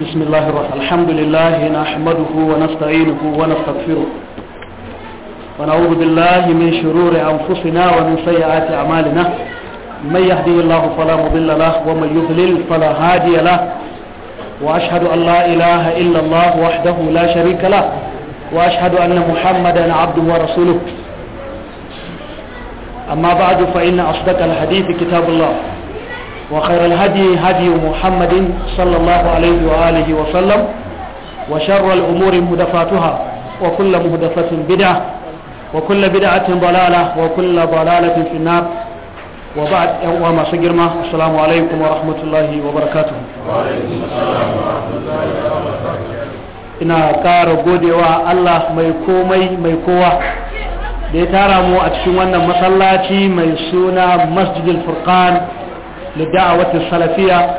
بسم الله الرحمن الحمد لله نحمده ونستعينه ونستغفره ونعوذ بالله من شرور أنفسنا ومن سيئات أعمالنا من يهدي الله فلا مضل له ومن يضلل فلا هادي له وأشهد أن لا إله إلا الله وحده لا شريك له وأشهد أن محمدا عبده ورسوله أما بعد فإن أصدق الحديث كتاب الله وخير الهدي هدي محمد صلى الله عليه وآله وسلم وشر الأمور مهدفاتها وكل مهدفة بدعة وكل بدعة ضلالة وكل ضلالة في النار وبعد يوم سجرنا السلام عليكم ورحمة الله وبركاته وعليكم السلام ورحمة الله وبركاته ina ƙara godewa Allah mai komai mai kowa da ya tara mu a cikin wannan masallaci mai suna masjidil furqan lidawati salafiya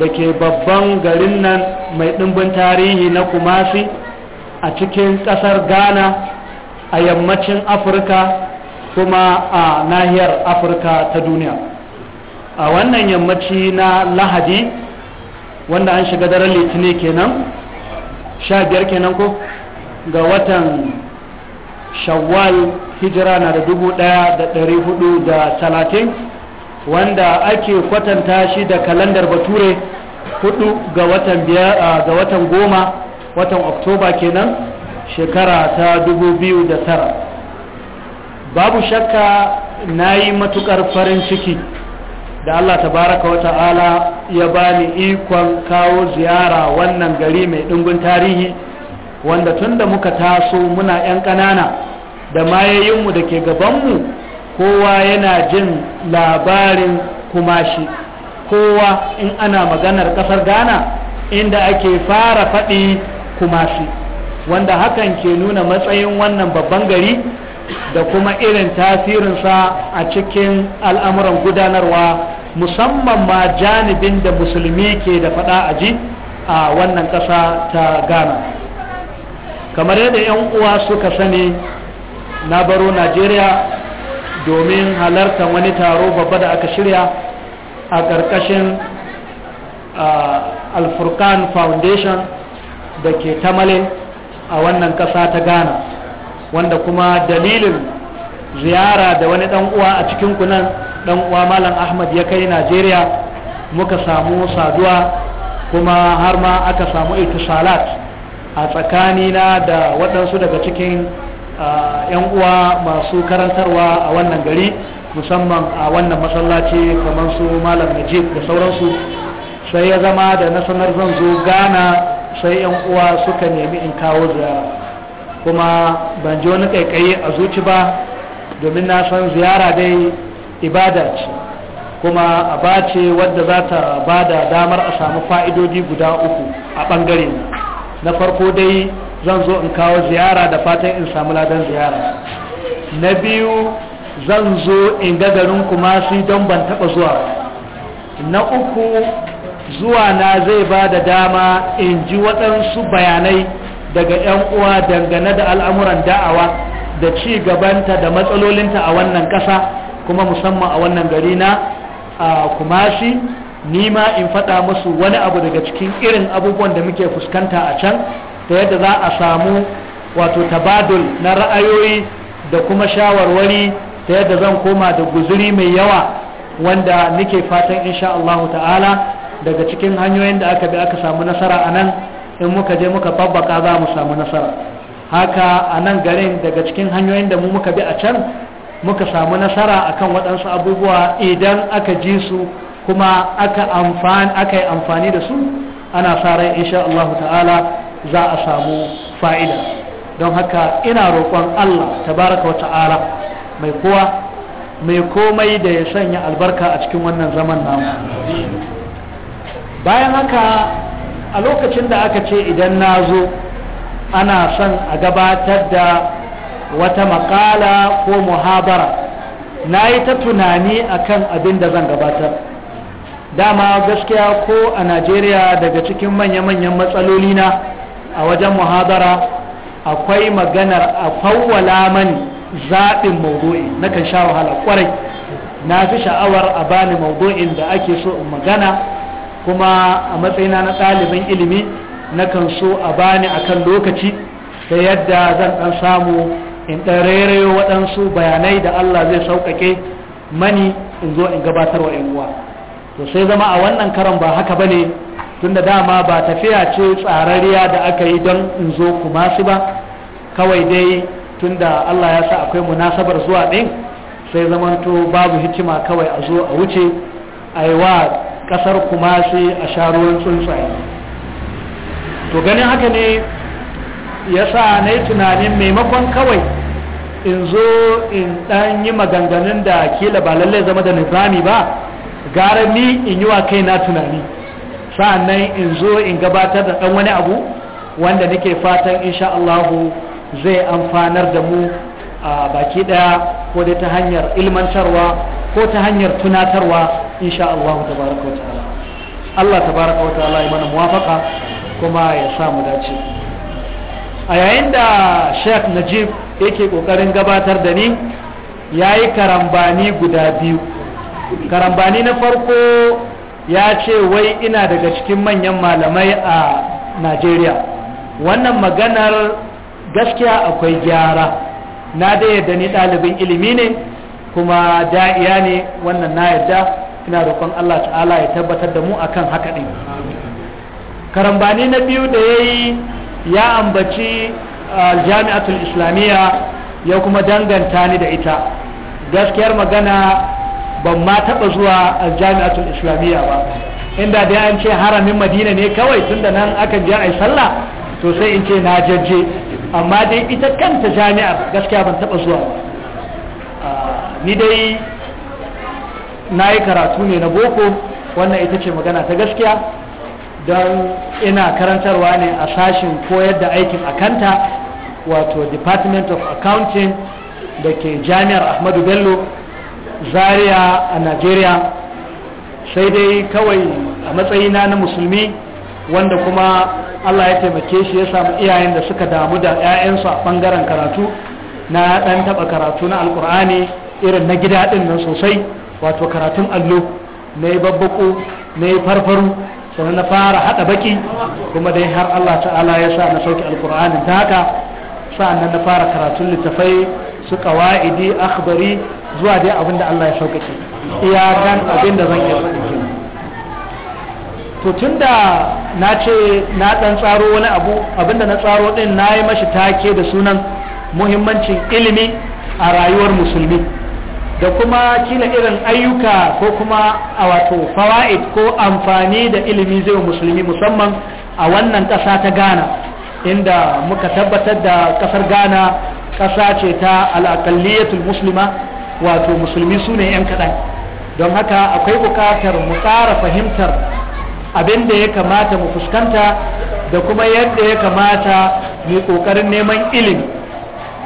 da ke babban garin nan mai ɗimbin tarihi na kumasi a cikin ƙasar ghana a yammacin afirka kuma a nahiyar afirka ta duniya a wannan yammaci na lahadi wanda an shiga daren litinin kenan sha biyar kenan ko ga watan shawwal hijira na da dubu ɗaya da ɗari huɗu da talatin wanda ake kwatanta shi da kalandar bature hudu ga watan ga watan goma watan oktoba kenan shekara ta 2009 babu shakka na yi matukar farin ciki da allah tabaraka wa ta'ala ya bani ikon kawo ziyara wannan gari mai dingin tarihi wanda tunda muka taso muna 'yan kanana da mayayinmu da ke gabanmu kowa yana jin labarin kumashi kowa in ana maganar kasar ghana inda ake fara faɗi kumashi wanda hakan ke nuna matsayin wannan babban gari da kuma irin tasirinsa a cikin al'amuran gudanarwa musamman ma janibin da musulmi ke da faɗa a ji a wannan ƙasa ta ghana kamar yadda 'yan uwa suka sani na baro najeriya domin halartar wani taro babba da aka shirya a ƙarƙashin alfurkan foundation da ke tamalin a wannan ƙasa ta ghana wanda kuma dalilin ziyara da wani ɗan uwa a cikin kunan ɗan uwa malam ahmad ya kai najeriya muka samu saduwa kuma har ma aka samu itisalat a tsakanina da waɗansu daga cikin yan uwa masu karantarwa a wannan gari musamman a wannan masallaci kamar su malam najib da sauransu sai ya zama da na sanar zan zo gana sai yan uwa suka nemi in kawo ziyara kuma ban ji wani kaikayi a zuci ba domin na san ziyara dai ibada ce kuma ba ce wadda za ta ba da damar a samu fa'idodi guda uku a ɓangare na farko dai zan zo in kawo ziyara da fatan in samu ladan ziyara na biyu zan zo in ga garin kumasi don ban taba zuwa na uku zuwa na zai ba da dama in ji waɗansu bayanai daga 'yan uwa dangane da al'amuran da'awa da ci gabanta da matsalolinta a wannan ƙasa kuma musamman a wannan gari na kumasi nima in faɗa musu wani abu daga cikin irin abubuwan da muke fuskanta a can ta yadda za a samu wato tabadul na ra'ayoyi da kuma shawarwari ta yadda zan koma da guzuri mai yawa wanda nake fatan insha Allah ta'ala daga cikin hanyoyin da aka bi aka samu nasara a nan in muka je muka babbaka za mu samu nasara haka a nan garin daga cikin hanyoyin da mu muka bi a can muka samu nasara akan waɗansu abubuwa idan aka ji su kuma aka yi amfani da su ana sa rai insha Allah ta'ala za a samu fa'ida don haka ina roƙon Allah tabaraka wata ara mai kowa mai komai da ya sanya albarka a cikin wannan zaman namu bayan haka a lokacin da aka ce idan na zo ana son a gabatar da wata makala ko muhabara na yi ta tunani a kan abin da zan gabatar dama gaskiya ko a najeriya daga cikin manya-manyan matsaloli na a wajen muhadara akwai maganar a fawwala mani zaɓin maudu'i na kan sha wahala kwarai na fi sha'awar a bani maudu'in da ake so in magana kuma a matsayina na ɗalibin ilimi na kan so a bani a kan lokaci ta yadda zan ɗan samu in ɗan rairayo waɗansu bayanai da Allah zai sauƙaƙe mani in zo in gabatar wa uwa to sai zama a wannan karan ba haka bane tunda dama ba tafiya ce tsararriya da aka yi don in zo kuma shi ba kawai dai tunda Allah ya sa akwai munasabar zuwa ɗin sai zamanto babu hikima kawai a zo a wuce a yi wa ƙasar kuma shi a sha ruwan tsuntsaye to ganin haka ne ya sa na yi tunanin maimakon kawai in zo in ɗan yi maganganun da kila ba lallai zama da nizami ba gara ni in yi wa kai na tunani sa'annan in zo in gabatar da ɗan wani abu wanda nake fatan insha Allahu zai amfanar da mu a baki ɗaya ko dai ta hanyar ilmantarwa ko ta hanyar tunatarwa insha Allahu tabaraka wa ta'ala Allah tabaraka wa ta'ala ya mana muwafaka kuma ya samu dace a yayin da Sheikh Najib yake kokarin gabatar da ni yayi karambani guda biyu karambani na farko ya ce wai ina daga cikin manyan malamai a najeriya wannan maganar gaskiya akwai gyara na da yadda ni ɗalibin ilimi ne kuma da'iya ne wannan na yadda ina roƙon allah ta'ala ya tabbatar da mu akan haka ɗin karambani na biyu da ya yi ya ambaci jami'atul islamiyya ya kuma danganta ni da ita gaskiyar magana ban ma taba zuwa aljami'atul islamiyya ba inda dai an ce haramin madina ne kawai tunda nan aka je a sallah to sai in ce na jajje amma dai ita kanta jami'ar gaskiya ban taba zuwa ba. ni dai na yi karatu ne na boko wannan ita ce magana ta gaskiya don ina karantarwa ne a sashin koyar da aikin akanta wato department of accounting da ke jami'ar ahmadu bello zaria a najeriya sai dai kawai a matsayina na musulmi wanda kuma allah ya taimake shi ya samu iyayen da suka damu da 'ya'yansu a ɓangaren karatu na ɗan taɓa karatu na alkur'ani irin na gida ɗin nan sosai wato karatun allo na yi babbaku na yi farfaru na fara haɗa baki kuma dai har allah ta'ala ya sa na sauke alkur'anin ta haka sa'annan na fara karatun littafai su ƙawa'idi akhbari zuwa dai abin da Allah ya sauƙaƙe iyakan abin da zan iya ke. to tun da na ce na ɗan tsaro wani abu abin da na tsaro ɗin na yi mashi take da sunan muhimmancin ilimi a rayuwar musulmi da kuma kila irin ayyuka ko kuma a wato fawa'id ko amfani da ilimi zai musulmi musamman a wannan ƙasa ta ghana inda muka tabbatar da ƙasar ghana ƙasa ce ta al'akalliyatul musulma wato musulmi su ne 'yan kaɗan don haka akwai buƙatar mu tsara fahimtar abin da ya kamata mu fuskanta da kuma yadda ya kamata mu ƙoƙarin neman ilimi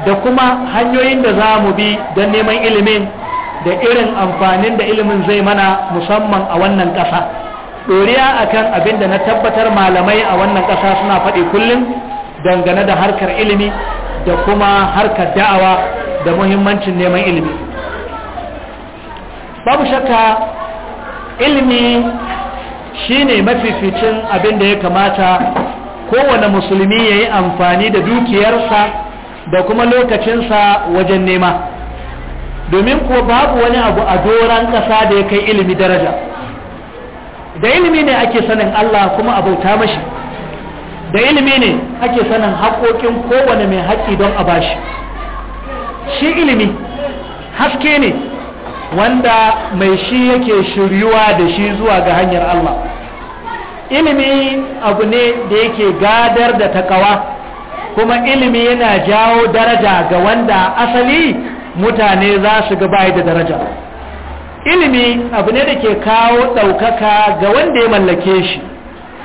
da kuma hanyoyin da za mu bi don neman ilimin da irin amfanin da ilimin zai mana musamman a wannan ƙasa ɗoriya akan abin da na tabbatar malamai a wannan ƙasa suna faɗi kullum dangane da harkar ilimi da kuma harkar da'awa da muhimmancin neman ilimi babu shakka ilimi shine mafificin abin da ya kamata kowane musulmi ya yi amfani da dukiyarsa da kuma lokacinsa wajen nema domin kuwa babu wani abu a doron ƙasa da ya kai ilimi daraja da ilimi ne ake sanin Allah kuma a mashi da ilimi ne ake sanin haƙoƙin kowane mai haƙƙi don a bashi shi ilimi haske ne wanda mai shi yake shiryuwa da shi zuwa ga hanyar Allah ilimi abu ne da yake gadar da takawa kuma ilimi yana jawo daraja ga wanda asali mutane za su gabaye da daraja ilimi abu ne da ke kawo ɗaukaka ga wanda ya mallake shi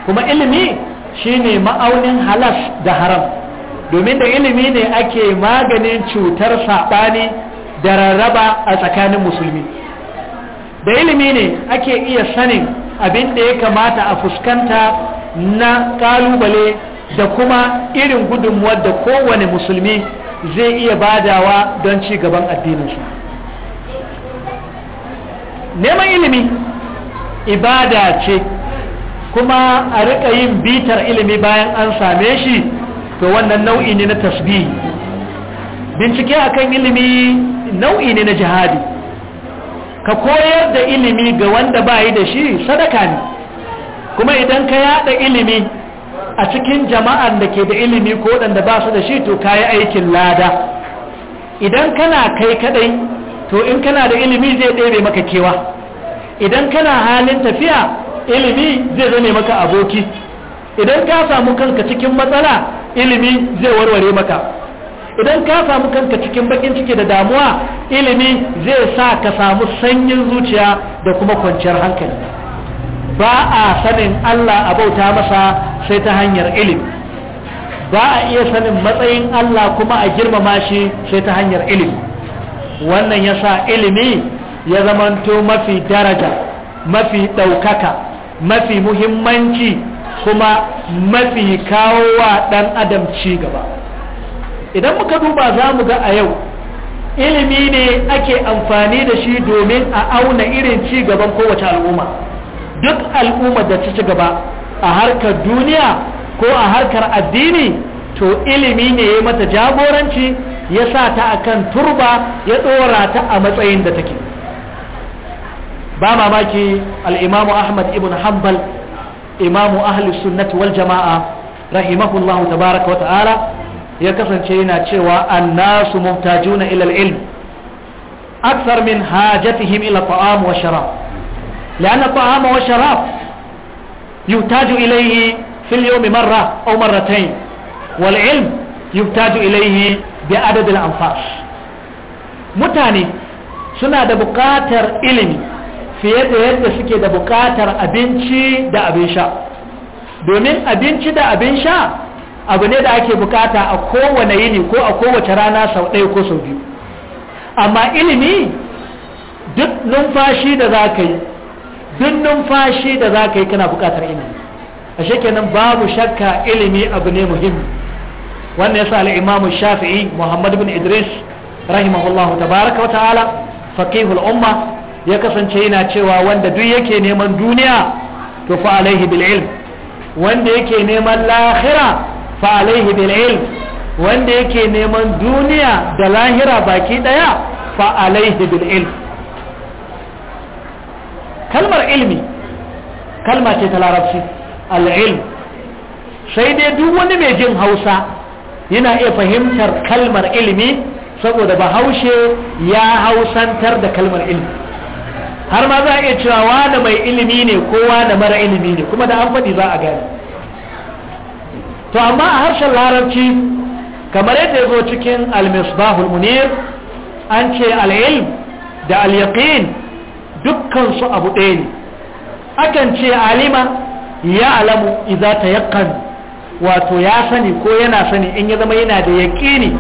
kuma ilimi shine ma'aunin halas da haram domin da ilimi ne ake maganin cutar saɓani da rarraba a tsakanin musulmi da ilimi ne ake iya sanin abin da ya kamata a fuskanta na kalubale da kuma irin gudunmuwar da kowane musulmi zai iya badawa don ci gaban addininsa neman ilimi ibada ce kuma a riƙa yin bitar ilimi bayan an same shi to wannan nau'i ne na tasbihi bincike akan ilimi nau'i ne na jihadi ka koyar da ilimi ga wanda ba yi da shi sadaka ne kuma idan ka yada ilimi a cikin jama'an da ke da ilimi ko wadanda ba su da shi to ka yi aikin lada idan kana kai kadai to in kana da ilimi zai ɗebe maka kewa idan kana halin tafiya ilimi zai zane maka aboki idan ka samu kanka cikin matsala ilimi zai warware maka idan ka samu kanka cikin bakin ciki da damuwa ilimi zai sa ka samu sanyin zuciya da kuma kwanciyar hankali ba a sanin Allah a bauta masa sai ta hanyar ilimi ba a iya sanin matsayin Allah kuma a girmama shi sai ta hanyar ilimi wannan ya sa ilimi ya zamanto mafi daraja mafi ɗaukaka mafi muhimmanci kuma mafi kawo wa ɗan adam ci gaba idan muka duba za mu ga a yau ilimi ne ake amfani da shi domin a auna irin ci gaban kowace al'umma duk al'umma da ta ci gaba a harkar duniya ko a harkar addini to ilimi ne ya mata jagoranci ya sa ta a kan turba ya ɗorata ta a matsayin da take ba mamaki al'imamu ahmad ibn hanbal imamu ahli sunnati wal jama'a rahimahullahu tabaraka wa ta'ala ya kasance yana cewa an nasu ila al-ilm Aksar min hajatihim ila ta'am wa sharaf. la'anna ta'ama wa sharaf. yuhtaju ilaihi fi marra aw marratayn Walilm ilm ilaihi bi adadin al mutane suna da bukatar ilimi fiye da yadda suke da bukatar abinci da abin sha domin abinci da abin sha abu ne da ake bukata a kowane yini ko a kowace rana sau ɗaya ko sau biyu amma ilimi duk numfashi da za ka yi duk numfashi da za ka yi kana bukatar ilimi a shekenan babu shakka ilimi abu ne muhimmi wannan ya sa al'imamu shafi'i muhammad bin idris rahimahullah tabaraka wa ta'ala faqihul umma ya kasance yana cewa wanda duk yake neman duniya to fa alaihi bil ilm wanda yake neman lahira fa alaihi bil ilm wanda yake neman duniya da lahira baki daya fa alaihi bil ilm kalmar ilmi kalma ce ta larabci al ilm sai dai duk wani mai jin hausa yana iya fahimtar kalmar ilmi saboda bahaushe ya hausantar da kalmar ilmi har ma za a iya cewa wani mai ilimi ne ko da mara ilimi ne kuma da an faɗi za a gani. to amma a harshen larabci kamar yadda ya zo cikin al-misbahul munir an ce al-ilm da al-yaqin dukkan su abu ɗaya ne akan ce alima ya alamu idza tayakkan wato ya sani ko yana sani in ya zama yana da yaqini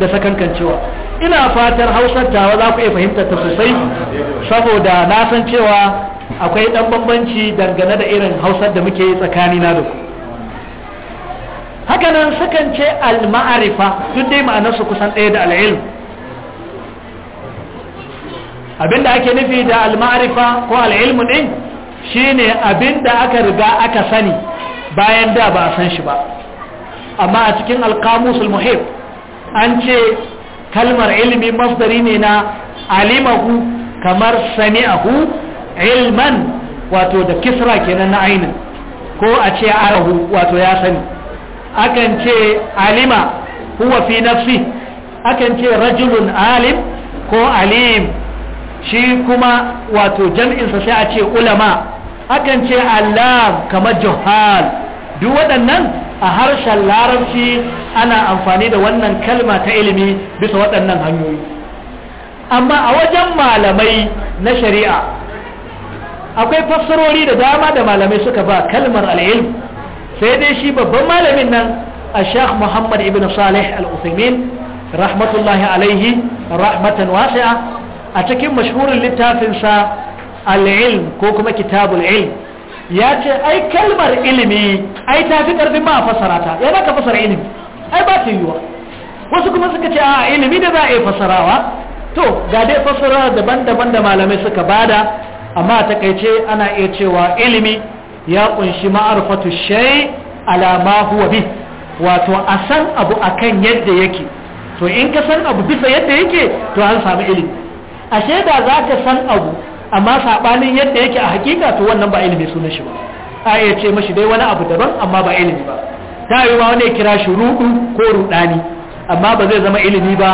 da sakankan cewa, ina fatan hausar tawa za ku iya fahimtar ta sosai saboda na san cewa akwai dan bambanci dangane da irin hausar da muke tsakani na da ku haka nan sukan ce al-ma'arifa duk dai ma'anarsu kusan ɗaya da al abin abinda ake nufi da al-ma'arifa ko al ɗin din shine abinda aka riga aka sani bayan da ba a san shi ba amma a cikin al-qamusul muhib an ce kalmar ilimi masdari ne na alimahu kamar sami'ahu ilman wato da kisra kenan na ainin ko a ce arahu wato ya sani akan ce alima huwa fi nafsi akan ce rajulun alim ko alim shi kuma wato jam'insa sai a ce ulama akan ce allam kamar juhal duk waɗannan a harshen larabci ana amfani da wannan kalma ta ilimi bisa waɗannan hanyoyi amma a wajen malamai na shari'a akwai fassarori da dama da malamai suka ba kalmar al'ilm sai dai shi babban malamin nan a shekh muhammad ibn salih al-usaimin rahmatullahi alaihi rahmatan wasi'a a cikin mashhurin littafinsa al-ilm ko kuma kitabul ilm ya ce ai kalmar ilimi ai ta fi karfin ma a fasara ta ya ka fasara ilimi ai ba ta yiwuwa wasu kuma suka ce a ilimi da za a yi fasarawa to ga dai fasara daban-daban da malamai suka bada amma a takaice ana iya cewa ilimi ya kunshi ma'arfatu shay ala huwa bi wato a san abu akan yadda yake to in ka san abu bisa yadda yake to an samu ilimi ashe da za ka san abu amma sabanin yadda yake a hakika to wannan ba ilimi sunan shi ba a iya ce mashi dai wani abu daban amma ba ilimi ba ta yi ma wani kira shi rudu ko rudani amma ba zai zama ilimi ba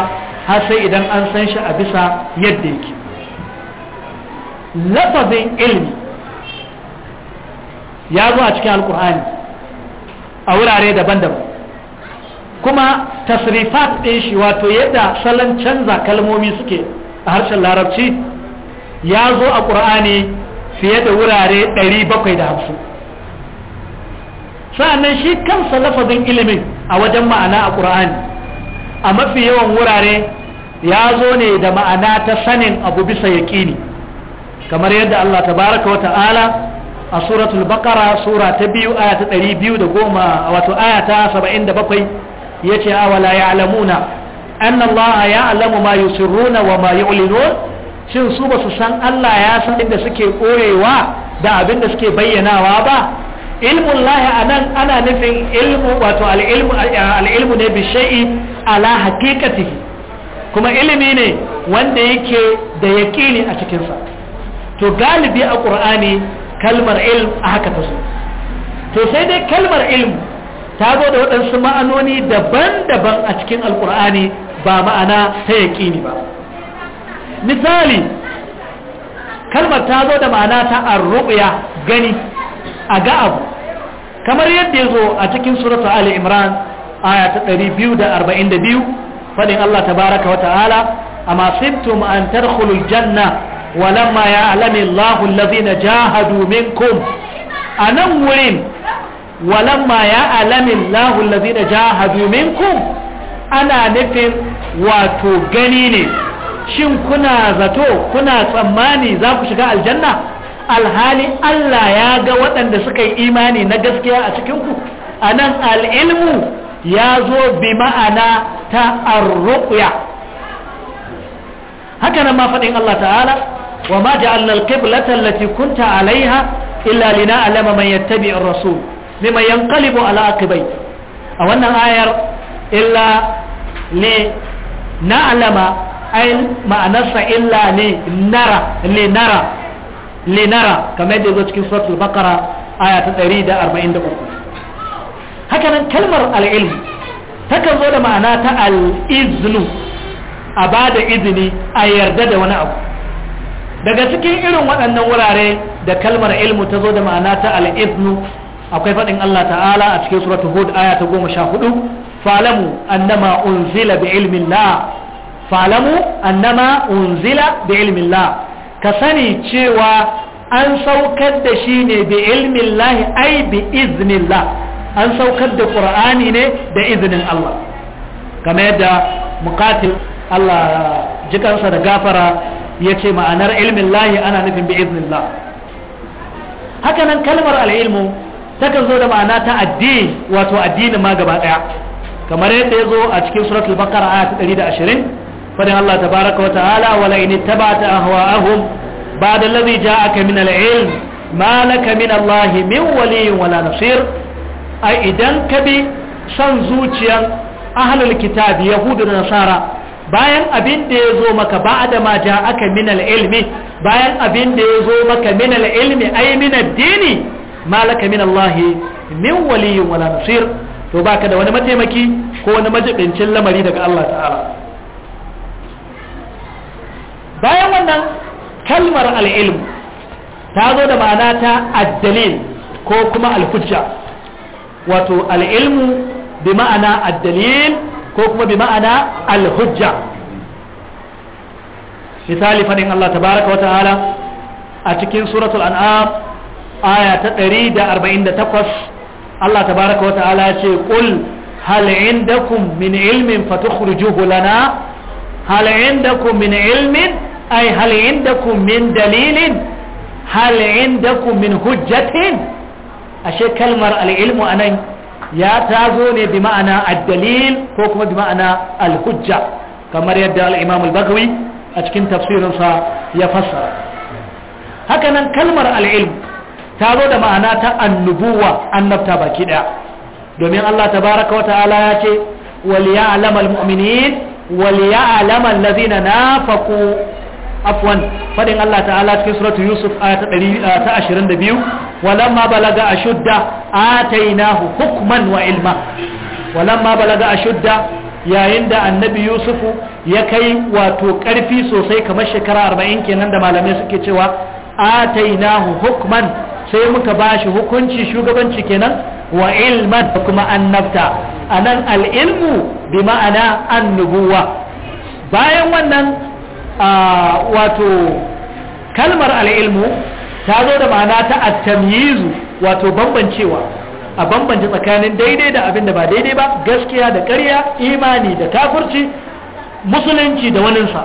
har sai idan an san shi a bisa yadda yake lafazin ilimi ya zo a cikin alkur'ani a wurare daban-daban kuma tasrifat ɗin shi wato yadda salon canza kalmomi suke a harshen larabci ya zo a ƙur'ani fiye da wurare ɗari bakwai da 750 sa'annan shi kansa lafazin ilimin a wajen ma'ana a ƙur'ani a mafi yawan wurare ya zo ne da ma'ana ta sanin abu bisa yaƙini kamar yadda Allah tabaraka wa ta'ala a suratul bakara sura ta biyu aya ta ɗari biyu da goma wato aya ta saba'in da bakwai ya ce awala ya alamuna an Allah ya alamu ma yusirruna wa ma yu'linun shin su ba su san Allah ya san inda suke ɓoyewa? da abin da suke bayyanawa ba ilmun lahi a nan ana nufin ilmu wato al'ilmu ne bishai ala hakikati kuma ilimi ne wanda yake da yaƙini a cikinsa to galibi a ƙur'ani kalmar ilm a haka ta to sai dai kalmar ilm ta zo da waɗansu ma'anoni daban-daban a cikin Alƙur'ani ba ma'ana ta yaƙini ba misali kalmar ta zo da ma'ana ta arruɓiya gani a ga abu kamar yadda ya zo a cikin suratu ali imran aya ta 242 faɗin allah tabaraka wa ta'ala a sibtum an tadkhulul janna walamma ya'lamu Allahu allazina jahadu minkum anan wurin walamma ana nufin wato gani ne shin kuna zato kuna tsammani za ku shiga aljanna alhali Allah ya ga waɗanda suka yi imani na gaskiya a cikinku a nan al'ilmu ya zo bi ma'ana ta arruƙuya Hakanan ma faɗin Allah ta'ala wa ma ja'alna al-qiblata allati kunta 'alayha illa lina'lama man yattabi'ur rasul mimman yanqalibu ala aqibai a wannan ayar illa li na'lama ay ma'anarsa illa nara li nara li nara kamar da zo cikin suratul baqara aya ta 143 haka nan kalmar al takan zo da ma'ana ta al-iznu a bada izini a yarda da wani abu daga cikin irin waɗannan wurare da kalmar ilmu ta zo da ma'ana ta al'iznu akwai faɗin Allah ta'ala a cikin suratul hud aya ta goma sha hudu falamu annama unzila bi ilmin falamu annama unzila bi ilmin ka sani cewa an saukar da shi ne bi ilmin lahi ai bi iznin la an saukar da ƙur'ani ne da izinin Allah kamar yadda mukatil Allah jikansa da gafara ya ce ma'anar ilmin lahi ana nufin bi iznillah haka nan kalmar al'ilmu takan zo da ma'ana ta addini wato addinin ma gaba daya kamar yadda ya zo a cikin suratul baqara aya ta 120 fadin Allah tabaraka wa ta'ala wala in ittaba'ta ahwa'ahum ba'da alladhi ja'aka min al-ilm ma laka min Allah min wali wala nasir ai idan ka bi san zuciyan ahlul kitab yahudu da nasara bayan abin da ya zo maka ba da ma ja aka minal ilmi bayan abin da ya zo maka minal ilmi ai minal dini malaka min Allah min waliyin wala nasir to baka da wani mataimaki ko wani majibincin lamari daga Allah ta'ala bayan wannan kalmar al-ilm ta zo da ma'ana ta ad-dalil ko kuma al-hujja wato al-ilmu bi ma'ana ad-dalil ko kuma bi ma'ana al-hujja misali fadin Allah tabaraka wa ta'ala a cikin suratul an'am aya ta 148 Allah tabaraka wa ta'ala ya ce qul hal indakum min ilmin fatukhrijuhu lana hal indakum min ilmin ay hal indakum min dalilin hal indakum min hujjatin ashe kalmar al-ilmu anan ya zo ne bi ma'ana ad-dalil ko kuma bi ma'ana al-hujja kamar yadda al-imam al-bagawi a cikin tafsirinsa ya fassara haka nan kalmar al-ilm ta zo da ma'ana ta annubuwa annabta baki daya domin Allah tabaraka wa ta'ala ya ce wal ya'lamu al-mu'minin wal ya'lamu allazina nafaqu afwan fadin Allah ta'ala cikin suratul yusuf aya ta 122 walamma balaga a shudda hukman wa ilma walamma balaga yayin da annabi yusufu ya kai wato ƙarfi sosai kamar shekara arba'in kenan da malamai suke cewa atainahu hukman sai muka bashi hukunci shugabanci kenan wa ilman da kuma annabta anan al'ilmu bi ma'ana annubuwa bayan wannan wato kalmar al'ilmu ta zo da ma'ana ta at-tamyizu wato bambancewa a bambance tsakanin daidai da abin da ba daidai ba gaskiya da ƙarya imani da kafirci musulunci da waninsa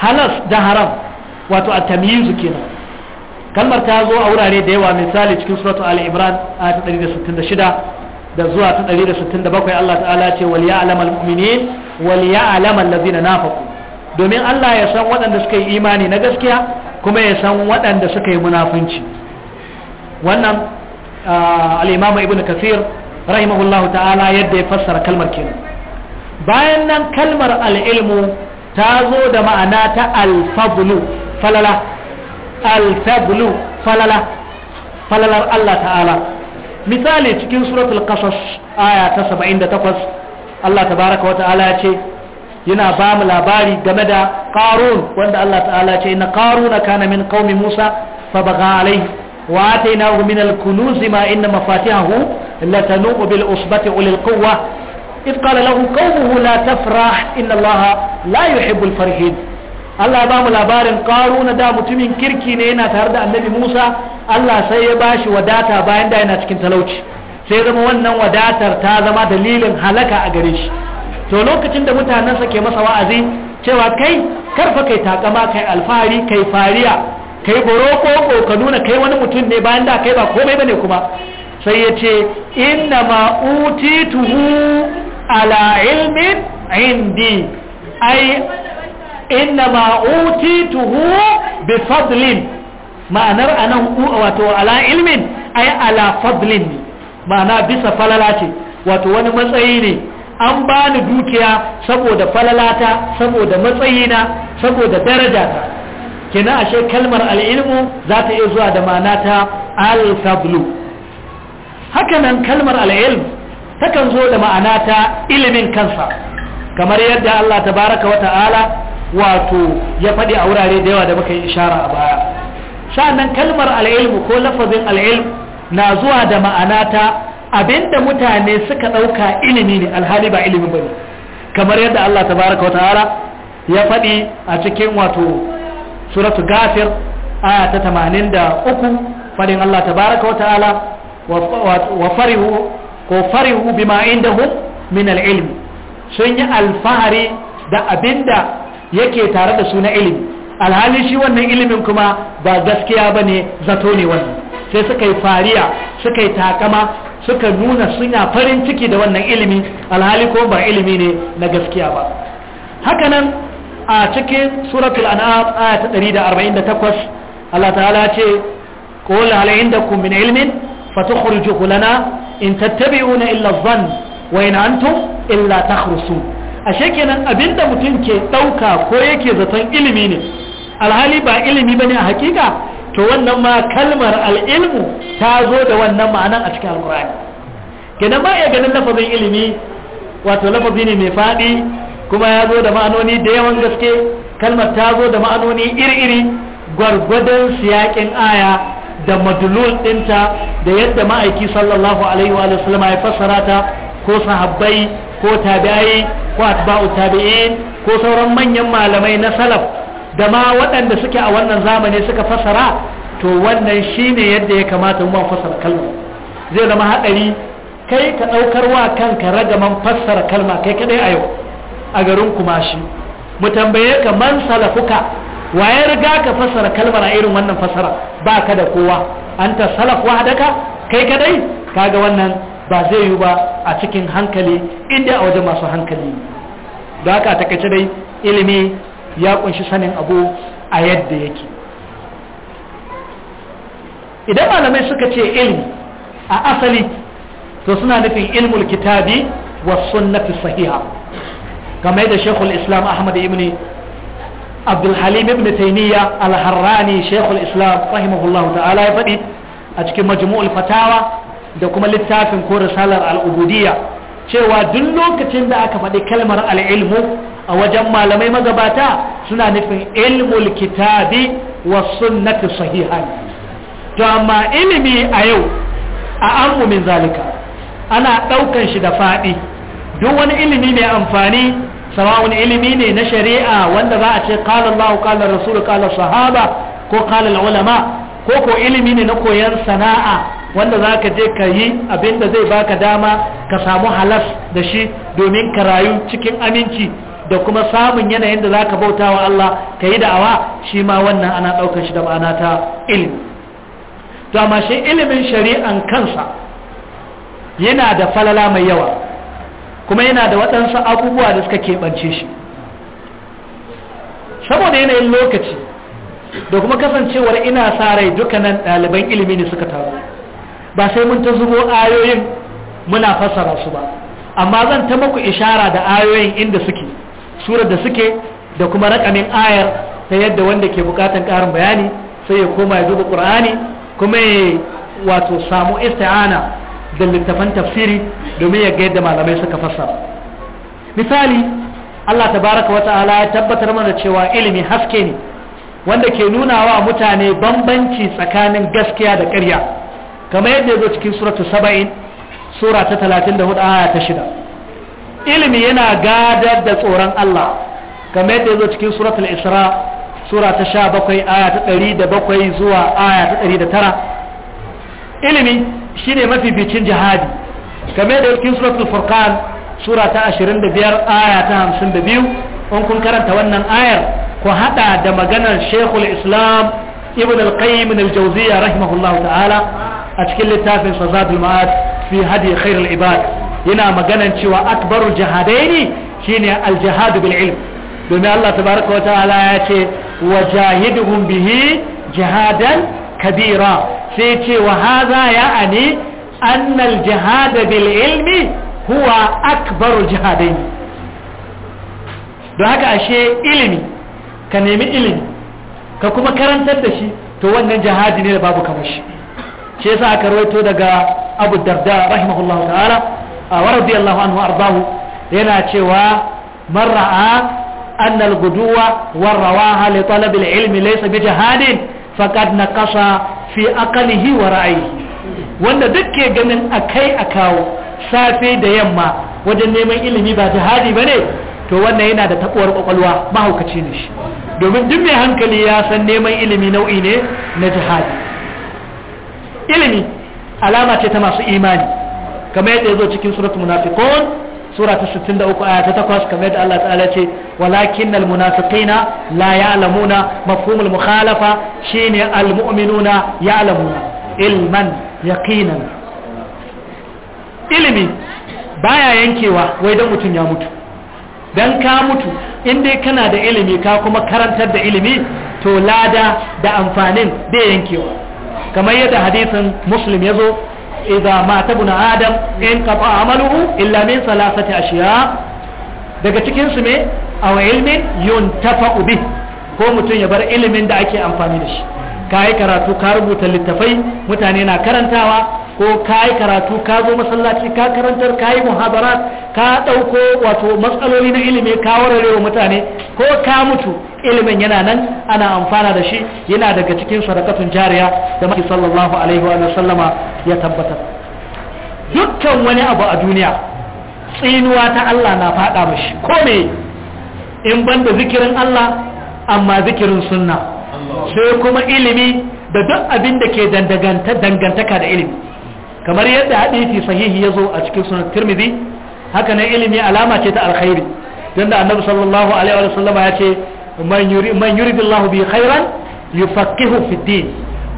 halas da haram wato at kenan kalmar ta zo a wurare da yawa misali cikin suratu al-imran a 166 da zuwa ta 167 Allah ta'ala ce wal ya'lam al-mu'minin wal ya'lam allazina nafaqu domin Allah ya san waɗanda suka yi imani na gaskiya kuma ya san waɗanda suka yi munafunci wannan al'imama ibn kasir rahimahullahu ta'ala yadda ya fassara kalmar kenan bayan nan kalmar al'ilmu ta zo da ma'ana ta alfablu falala alfablu falala falalar Allah ta'ala misali cikin suratul qasas aya ta 78 Allah tabaraka wa ta'ala ya ce yana ba mu labari game da ƙarun wanda Allah ta'ala ce na qaruna kanamin min Musa fa baga alayhi wa atainahu min al-kunuz ma inna mafatihahu latanu bil usbati ulil quwwa إذ قال له قومه لا تفرح إن الله لا يحب الفرحين Allah ba mu labarin ƙaruna da mutumin kirki ne yana tare da annabi Musa Allah sai ya bashi wadata bayan da yana cikin talauci sai zama wannan wadatar ta zama dalilin halaka a gare shi to lokacin da mutanensa ke masa wa'azi cewa kai karfa kai takama kai alfahari kai fariya kai boroko ka nuna kai wani mutum ne bayan da kai ba komai bane kuma sai ya ce inna ma utituhu ala ilmin indi ai inna ma utituhu bi fadlin ma'anar anan wato ala ilmin ai ala fadlin ma'ana bisa falala ce wato wani matsayi ne an bani dukiya saboda falalata saboda matsayina saboda darajata kina ashe kalmar al'ilmu za ta iya zuwa da mana ta al-fadlu hakanan kalmar al'ilm takan zo da ma'ana ilimin kansa kamar yadda Allah Ta baraka wa ta'ala wato ya faɗi a wurare da yawa da muka yi ishara a baya sa'annan kalmar al'ilmu ko lafazin al'ilm na zuwa da ma'ana abinda mutane suka ɗauka ilimi ne alhali ba ilimin bane kamar yadda Allah tabaraka wata'ala ya faɗi a cikin wato suratu gafir aya ta uku, faɗin Allah Ta baraka wa farihu ko farihu bima indahum min al sun yi alfahari da abinda yake tare da su na ilimi alhali shi wannan ilimin kuma ba gaskiya bane zato ne wannan sai suka yi fariya suka yi takama suka nuna suna farin ciki da wannan ilimi alhali ko ba ilimi ne na gaskiya ba hakanan a cikin suratul an'am aya ta 148 Allah ta'ala ce qul hal indakum min ilmin fatukhrijuhu lana in tattabi'una illa dhann wa in antum illa takhrusun ashe kenan abinda mutum ke dauka ko yake zaton ilimi ne alhali ba ilimi bane a hakika to wannan ma kalmar al'ilmu ta zo da wannan ma'anan a cikin alkur'ani kenan ba ya ganin lafazin ilimi wato lafazi ne mai faɗi kuma ya zo da ma'anoni da yawan gaske kalmar ta zo da ma'anoni iri-iri gwargwadon siyakin aya da madulul ɗinta da yadda ma'aiki sallallahu alaihi wa sallam ya fassara ta ko sahabbai ko tabi'ai ko atba'u tabi'in ko sauran manyan malamai na salaf da ma waɗanda suke a wannan zamani suka fasara to wannan shine yadda ya kamata mu fasara kalma zai zama haɗari kai ka ɗaukar wa kanka ragaman fassara kalma kai kaɗai a yau a garin kumashi mu tambaye ka man salafuka waye riga ka fassara kalmar a irin wannan fassara ba ka da kowa an ta salaf wahdaka kai kadai kaga wannan ba zai yi ba a cikin hankali inda a wajen masu hankali da haka a takaice dai ilimi ya kunshi sanin abu a yadda yake idan malamai suka ce ilmi a asali to suna nufin ilmul kitabi wa sunnati sahiha game da shekul islam ahmad ibn abdulhalim ibn taimiyya al-harrani shekul islam rahimahullahu ta'ala ya faɗi a cikin majmu'ul fatawa da kuma littafin ko risalar al'ubudiyya cewa duk lokacin da aka faɗi kalmar al'ilmu a wajen malamai magabata suna nufin ilmul kitabi wa sunnati sahihan to amma ilimi a yau a ammu min zalika ana daukan shi da fadi duk wani ilimi mai amfani sawa'un ilimi ne na shari'a wanda za a ce qala Allah qala Rasul qala sahaba ko qala ulama ko ko ilimi ne na koyon sana'a wanda za ka je ka yi abinda zai baka dama ka samu halas da shi domin ka rayu cikin aminci da kuma samun yanayin da za ka bauta wa Allah ka yi da'awa shi ma wannan ana ɗaukar shi da ma'ana ta ilimi to amma shi ilimin shari'an kansa yana da falala mai yawa kuma yana da waɗansu abubuwa da suka keɓance shi saboda yanayin lokaci da kuma kasancewar ina sa rai duka nan ɗaliban ilimi ne suka taru ba sai mun ta zubo ayoyin muna fassara su ba amma zan ta muku ishara da ayoyin inda suke surar da suke da kuma rakamin ayar ta yadda wanda ke bukatan karin bayani sai ya koma ya duba qur'ani kuma ya wato samu isti'ana da littafan tafsiri domin ya ga yadda malamai suka fassara misali Allah tabaraka wa ta'ala ya tabbatar mana cewa ilimi haske ne wanda ke nuna wa mutane bambanci tsakanin gaskiya da ƙarya kamar yadda ya zo cikin suratu saba'in sura ta talatin da hudu aya ta shida ilimi yana gadar da tsoron Allah kamar yadda yazo cikin suratul isra sura ta 17 aya ta bakwai zuwa aya ta tara ilimi shine mafificin jihadi kamar yadda cikin suratul furqan sura ta biyar aya ta hamsin da biyu in kun karanta wannan ayar ku hada da maganar Sheikhul Islam Ibn al-Qayyim al-Jawziyya rahimahullahu ta'ala a cikin littafin Sazadul Ma'ad fi hadi khairul ibad yana maganan cewa akbarul jihadaini shine al bil ilm domin Allah tabaraka wa ta'ala ya ce wajahiduhum bihi jihadan kabira sai ce wa hadha ya'ani an al bil ilmi huwa akbarul jihadai don haka ashe ilimi ka nemi ilimi ka kuma karantar da shi to wannan jihadi ne da babu kamar shi shi yasa aka rawaito daga Abu Darda rahimahullahu ta'ala radiyallahu anhu ardahu yana cewa man ra'a guduwa war rawaha li talab al-ilmi laysa bi jihadin faqad naqasa fi aqlihi wa ra'yihi wanda ke ganin akai akawo safe da yamma wajen neman ilimi ba jihadi ne to wannan yana da tabuwar kwakwalwa mahaukaci ne shi domin duk mai hankali ya san neman ilimi nau'i ne na jihadi ilimi alama ce ta masu imani kamar yadda ya zo cikin suratul munafiqun sura ta 63 aya ta 8 kamar yadda Allah ta'ala ce walakin al munafiqina la ya'lamuna mafhum al mukhalafa shine al mu'minuna ya'lamuna ilman yaqinan ilimi baya yankewa wai dan mutun ya mutu dan ka mutu in dai kana da ilimi ka kuma karantar da ilimi to lada da amfanin da yankewa kamar yadda hadisin muslim ya zo idza mata buna adam in qata amaluhu illa min salasati ashiya daga cikin su me aw ilmin yuntafa'u bi ko mutum ya bar ilimin da ake amfani da shi ka yi karatu ka rubuta littafai mutane na karantawa ko ka yi karatu ka zo masallaci ka karantar ka yi muhabarat ka ɗauko wato matsaloli na ilimi ka warware wa mutane ko ka mutu ilimin yana nan ana amfana da shi yana daga cikin sadakatun jariya da maki sallallahu alaihi wa sallama ya tabbatar dukkan wani abu a duniya tsinuwa ta Allah na faɗa mashi ko me in banda zikirin Allah amma zikirin sunna sai kuma ilimi da duk abin da ke dangantaka da ilimi kamar yadda hadisi sahihi ya zo a cikin sunan tirmidhi haka nan ilimi alama ce ta alkhairi don da annabi sallallahu alaihi wa sallama ya ce man yuridillahu bi khairan yufaqihu fi din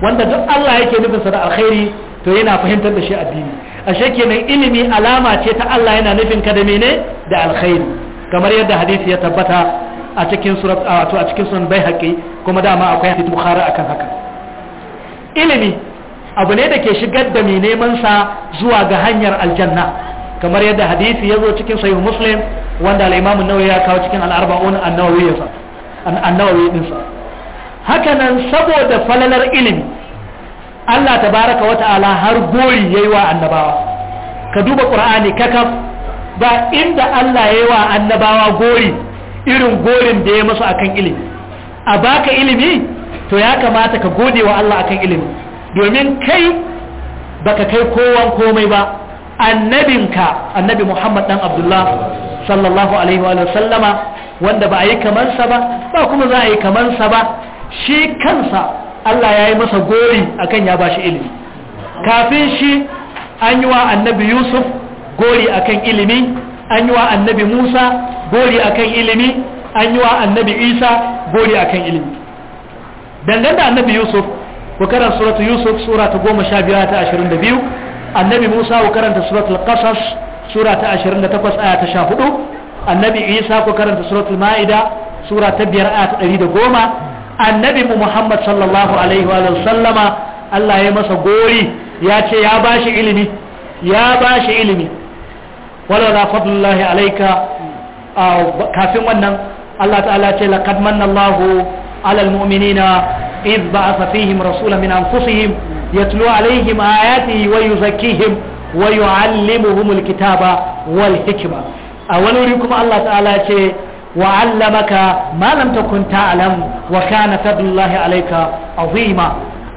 wanda duk Allah yake nufin sa da alkhairi to yana fahimtar da shi addini ashe kenan ilimi alama ce ta Allah yana nufin ka da mene da alkhairi kamar yadda hadisi ya tabbata a cikin surat a cikin sunan baihaqi kuma dama akwai hadisi bukhari akan haka ilimi abu ne da ke shigar da mai neman sa zuwa ga hanyar aljanna kamar yadda hadisi ya zo cikin sahih muslim wanda al-imam an-nawawi ya kawo cikin al-arba'un an-nawawi an-nawawi din sa haka nan saboda falalar ilimi Allah tabaraka wa ta'ala har gori yayi wa annabawa ka duba qur'ani kakaf ba inda Allah yayi wa annabawa gori irin gorin da ya masu akan ilimi a baka ilimi to ya kamata ka gode wa Allah akan ilimi domin kai baka kai kowan komai ba annabinka annabi muhammad dan abdullah sallallahu alaihi wa sallama wanda ba a yi kamansa ba ba kuma za a yi kamansa ba shi kansa allah ya yi masa gori akan ya shi ilimi kafin shi an yi wa annabi yusuf gori akan ilimi an yi wa annabi musa gori akan ilimi an yi wa annabi isa gori akan ilimi dangane da annabi yusuf ku karanta suratu yusuf sura ta goma sha biyar ta ashirin da biyu annabi musa ku karanta suratul qasas sura ta ashirin da takwas aya ta sha hudu annabi isa ku karanta suratul ma'ida sura ta biyar aya ta ɗari da goma annabi mu muhammad sallallahu alaihi wa sallama allah ya masa gori ya ce ya ba shi ilimi ya ba shi ilimi wala la fadlullahi alaika ah, kafin wannan Allah ta'ala ce laqad manna Allahu alal mu'minina إذ بعث فيهم رسولا من أنفسهم يتلو عليهم آياته ويزكيهم ويعلمهم الكتاب والحكمة أول لكم الله تعالى وعلمك ما لم تكن تعلم وكان فضل الله عليك عظيما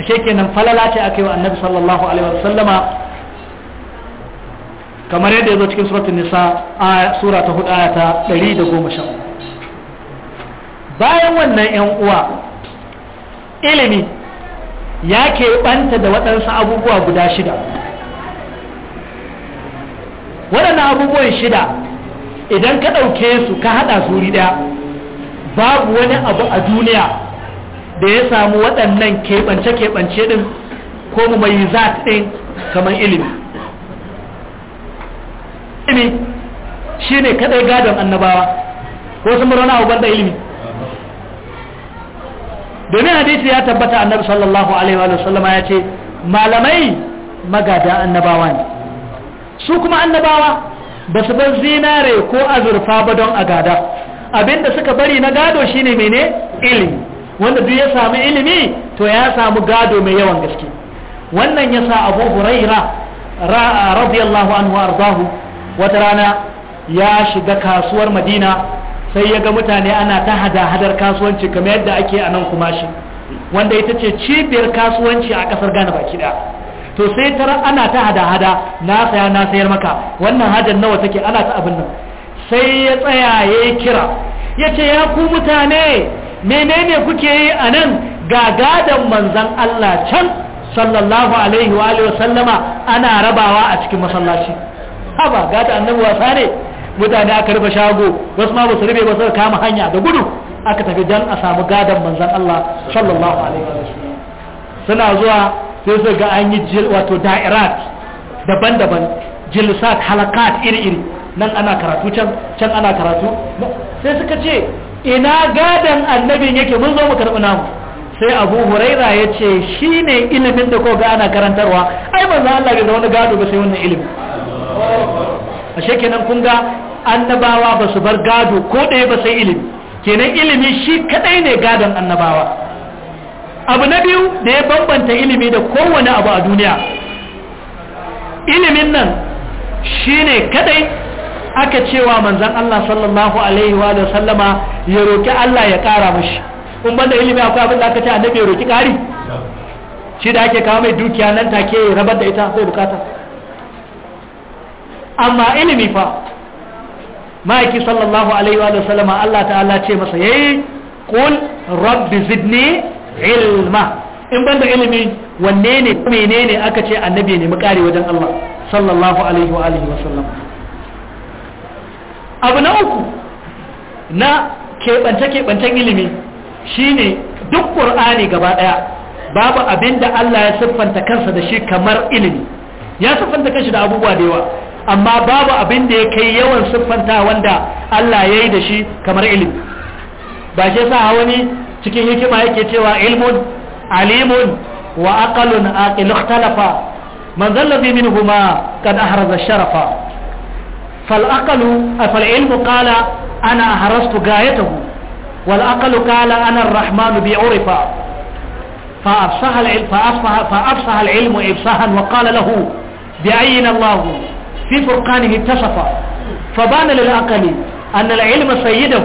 شيكنا فللا تأكي النبي صلى الله عليه وسلم kamar yadda ya zo cikin suratun nisa a sura ta hudu ayata 110 bayan wannan 'yan uwa ilimi ya ke banta da waɗansu abubuwa guda shida waɗannan abubuwan shida idan ka ɗauke su ka haɗa su ɗaya babu wani abu a duniya da ya samu waɗannan keɓance-keɓance ɗin ko mu mai zat ɗin kamar ilimi ilimi shi ne kaɗai gadon annabawa ko sun murana abubuwan da ilimi domin hadisi ya tabbata annabi sallallahu alaihi wa sallam ya ce malamai magada annabawa ne su kuma annabawa ba su bar zinare ko azurfa ba don a gada abinda suka bari na gado shine mene ilimi wanda duk ya samu ilimi to ya samu gado mai yawan gaske wannan yasa abu huraira radiyallahu anhu ardahu wata rana ya shiga kasuwar madina sai ya ga mutane ana ta hada-hadar kasuwanci kamar yadda ake a nan kuma shi wanda ita ce cibiyar kasuwanci a kasar ghana baki daya to sai tara ana ta hada-hada na saya na sayar maka wannan hajar nawa take ana ta abin nan sai ya tsaya ya yi kira ya ce ya ku mutane menene kuke yi a nan ga gadan manzan allah can sallallahu alaihi wa sallama ana rabawa a cikin masallaci haba gada annabi wasa ne mutane aka rufe shago wasu ma ba su rufe ba suka kama hanya da gudu aka tafi dan a samu gadon manzan Allah sallallahu alaihi wasallam suna zuwa sai su ga an yi wato da'irat daban-daban jilsat halakat iri-iri nan ana karatu can can ana karatu sai suka ce ina gadon annabin yake mun zo mu karɓi namu sai abu huraira ya ce shi ne ilimin da ko ga ana karantarwa ai manzan Allah bai da wani gado ba sai wannan ilimi a shekenan kun ga annabawa ba su bar gado ko ɗaya ba sai ilimi kenan ilimi shi kaɗai ne gadon annabawa abu na biyu da ya bambanta ilimi da kowane abu a duniya ilimin nan shi ne kaɗai aka cewa manzan Allah sallallahu alaihi wa sallama ya roƙi Allah ya ƙara mashi in banda ilimi akwai abin da aka ce annabi ya roƙi ƙari shi da ake kawo mai dukiya nan take rabar da ita sai bukata amma ilimi fa ma'aiki sallallahu alaihi wa sallama Allah ta'ala ce masa yayi qul rabbi zidni ilma in banda ilimi wanne ne menene aka ce annabi ne mu kare wajen Allah sallallahu alaihi wa alihi wa sallam abu na uku na keɓance-keɓancen ilimi shine duk ƙur'ani gaba ɗaya babu abin da Allah ya siffanta kansa da shi kamar ilimi ya siffanta kanshi da abubuwa da yawa amma babu abin da ya kai yawan siffanta wanda Allah ya yi da shi kamar ilimi ba shi sa wani cikin hikima yake cewa ilmun alimun wa aqalun aqil ikhtalafa man zallabi minhuma kad ahraza sharafa fal aqalu fal ilmu qala ana ahrastu gayatahu wal aqalu qala ana ar-rahman bi urifa fa afsaha al ilm fa afsaha fa afsaha al ilmu ifsahan wa qala lahu bi ayyin في فرقانه اتصف فبان للعقل أن العلم سيده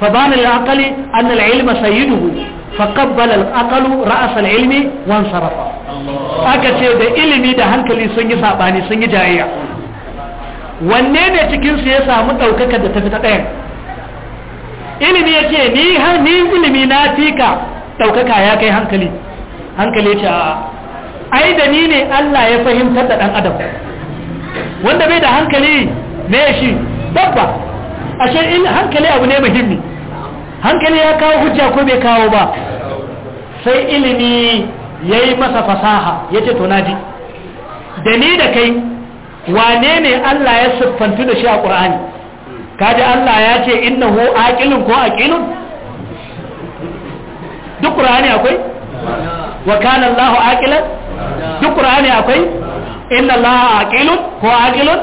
فبان للعقل أن العلم سيده فقبل العقل رأس العلم وانصرف أكتب ده إلمي ده هنكلي سنجي ساباني سنجي جائع wanne ne cikinsu ya samu ɗaukakar da tafi ilimi ya ce ni ilimi na fika ɗaukaka ya kai hankali hankali ce a ai da ni ne Allah ya fahimtar da ɗan adam wanda bai da hankali me shi dabba ashe in hankali abu ne muhimmi hankali ya kawo hujja ko bai kawo ba sai ilimi ya yi masa fasaha ya ce tonaji da ni da kai wane ne Allah ya siffantu da shi a ƙur'ani kaji Allah ya ce innahu aqilun ko aqilun duk ƙur'ani akwai wa kana Allahu aqilan duk ƙur'ani akwai inna Allah aqilun ko aqilun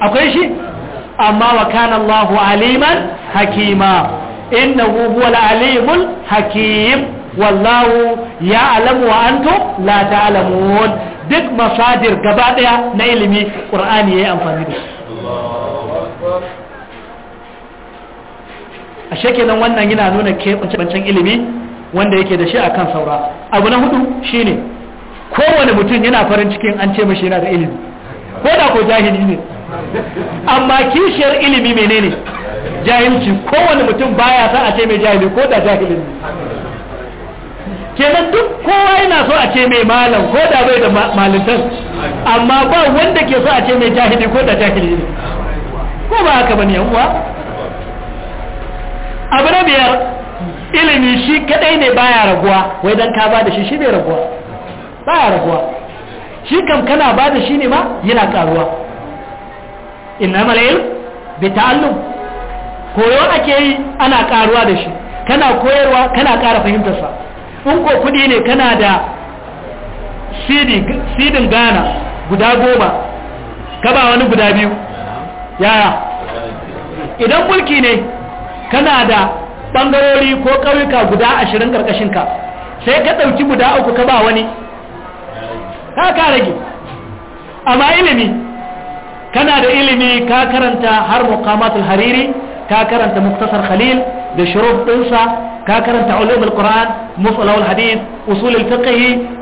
akwai shi amma wa kana Allah aliman hakima innahu huwa alimul hakim wallahu ya'lamu wa antum la ta'lamun duk masadir gaba daya na ilimi qur'ani yayi amfani da a shekenan wannan yana nuna keɓancan ilimi wanda yake da shi akan saura abu na hudu shine kowane mutum yana farin cikin an ce mashi yana da ilimi ko da ko jahili ne amma kishiyar ilimi menene jahilci kowane mutum baya sa a ce mai jahili ko da jahili ne kenan duk kowa yana so a ce mai malam ko da bai da malintan amma ba wanda ke so a ce mai jahili ko da jahili ne ko ba haka bane yan uwa abu na biyar ilimi shi kadai ne baya raguwa wai dan ka ba da shi shi bai raguwa ba ya raguwa shi kam kana ba da shi ne ma yana karuwa inna malayin bi ta'allum koyo ake yi ana karuwa da shi kana koyarwa kana kara fahimtarsa in ko kudi ne kana da sidin gana guda goma ka ba wani guda biyu yaya idan mulki ne kana da bangarori ko ƙauyuka guda ashirin ƙarƙashinka sai ka ɗauki guda uku ka ba wani ka ka rage amma ilimi kana da ilimi ka karanta har muqamatul hariri ka karanta muktasar khalil da shuruf dinsa ka karanta ulum alquran musalla wal hadith usul alfiqh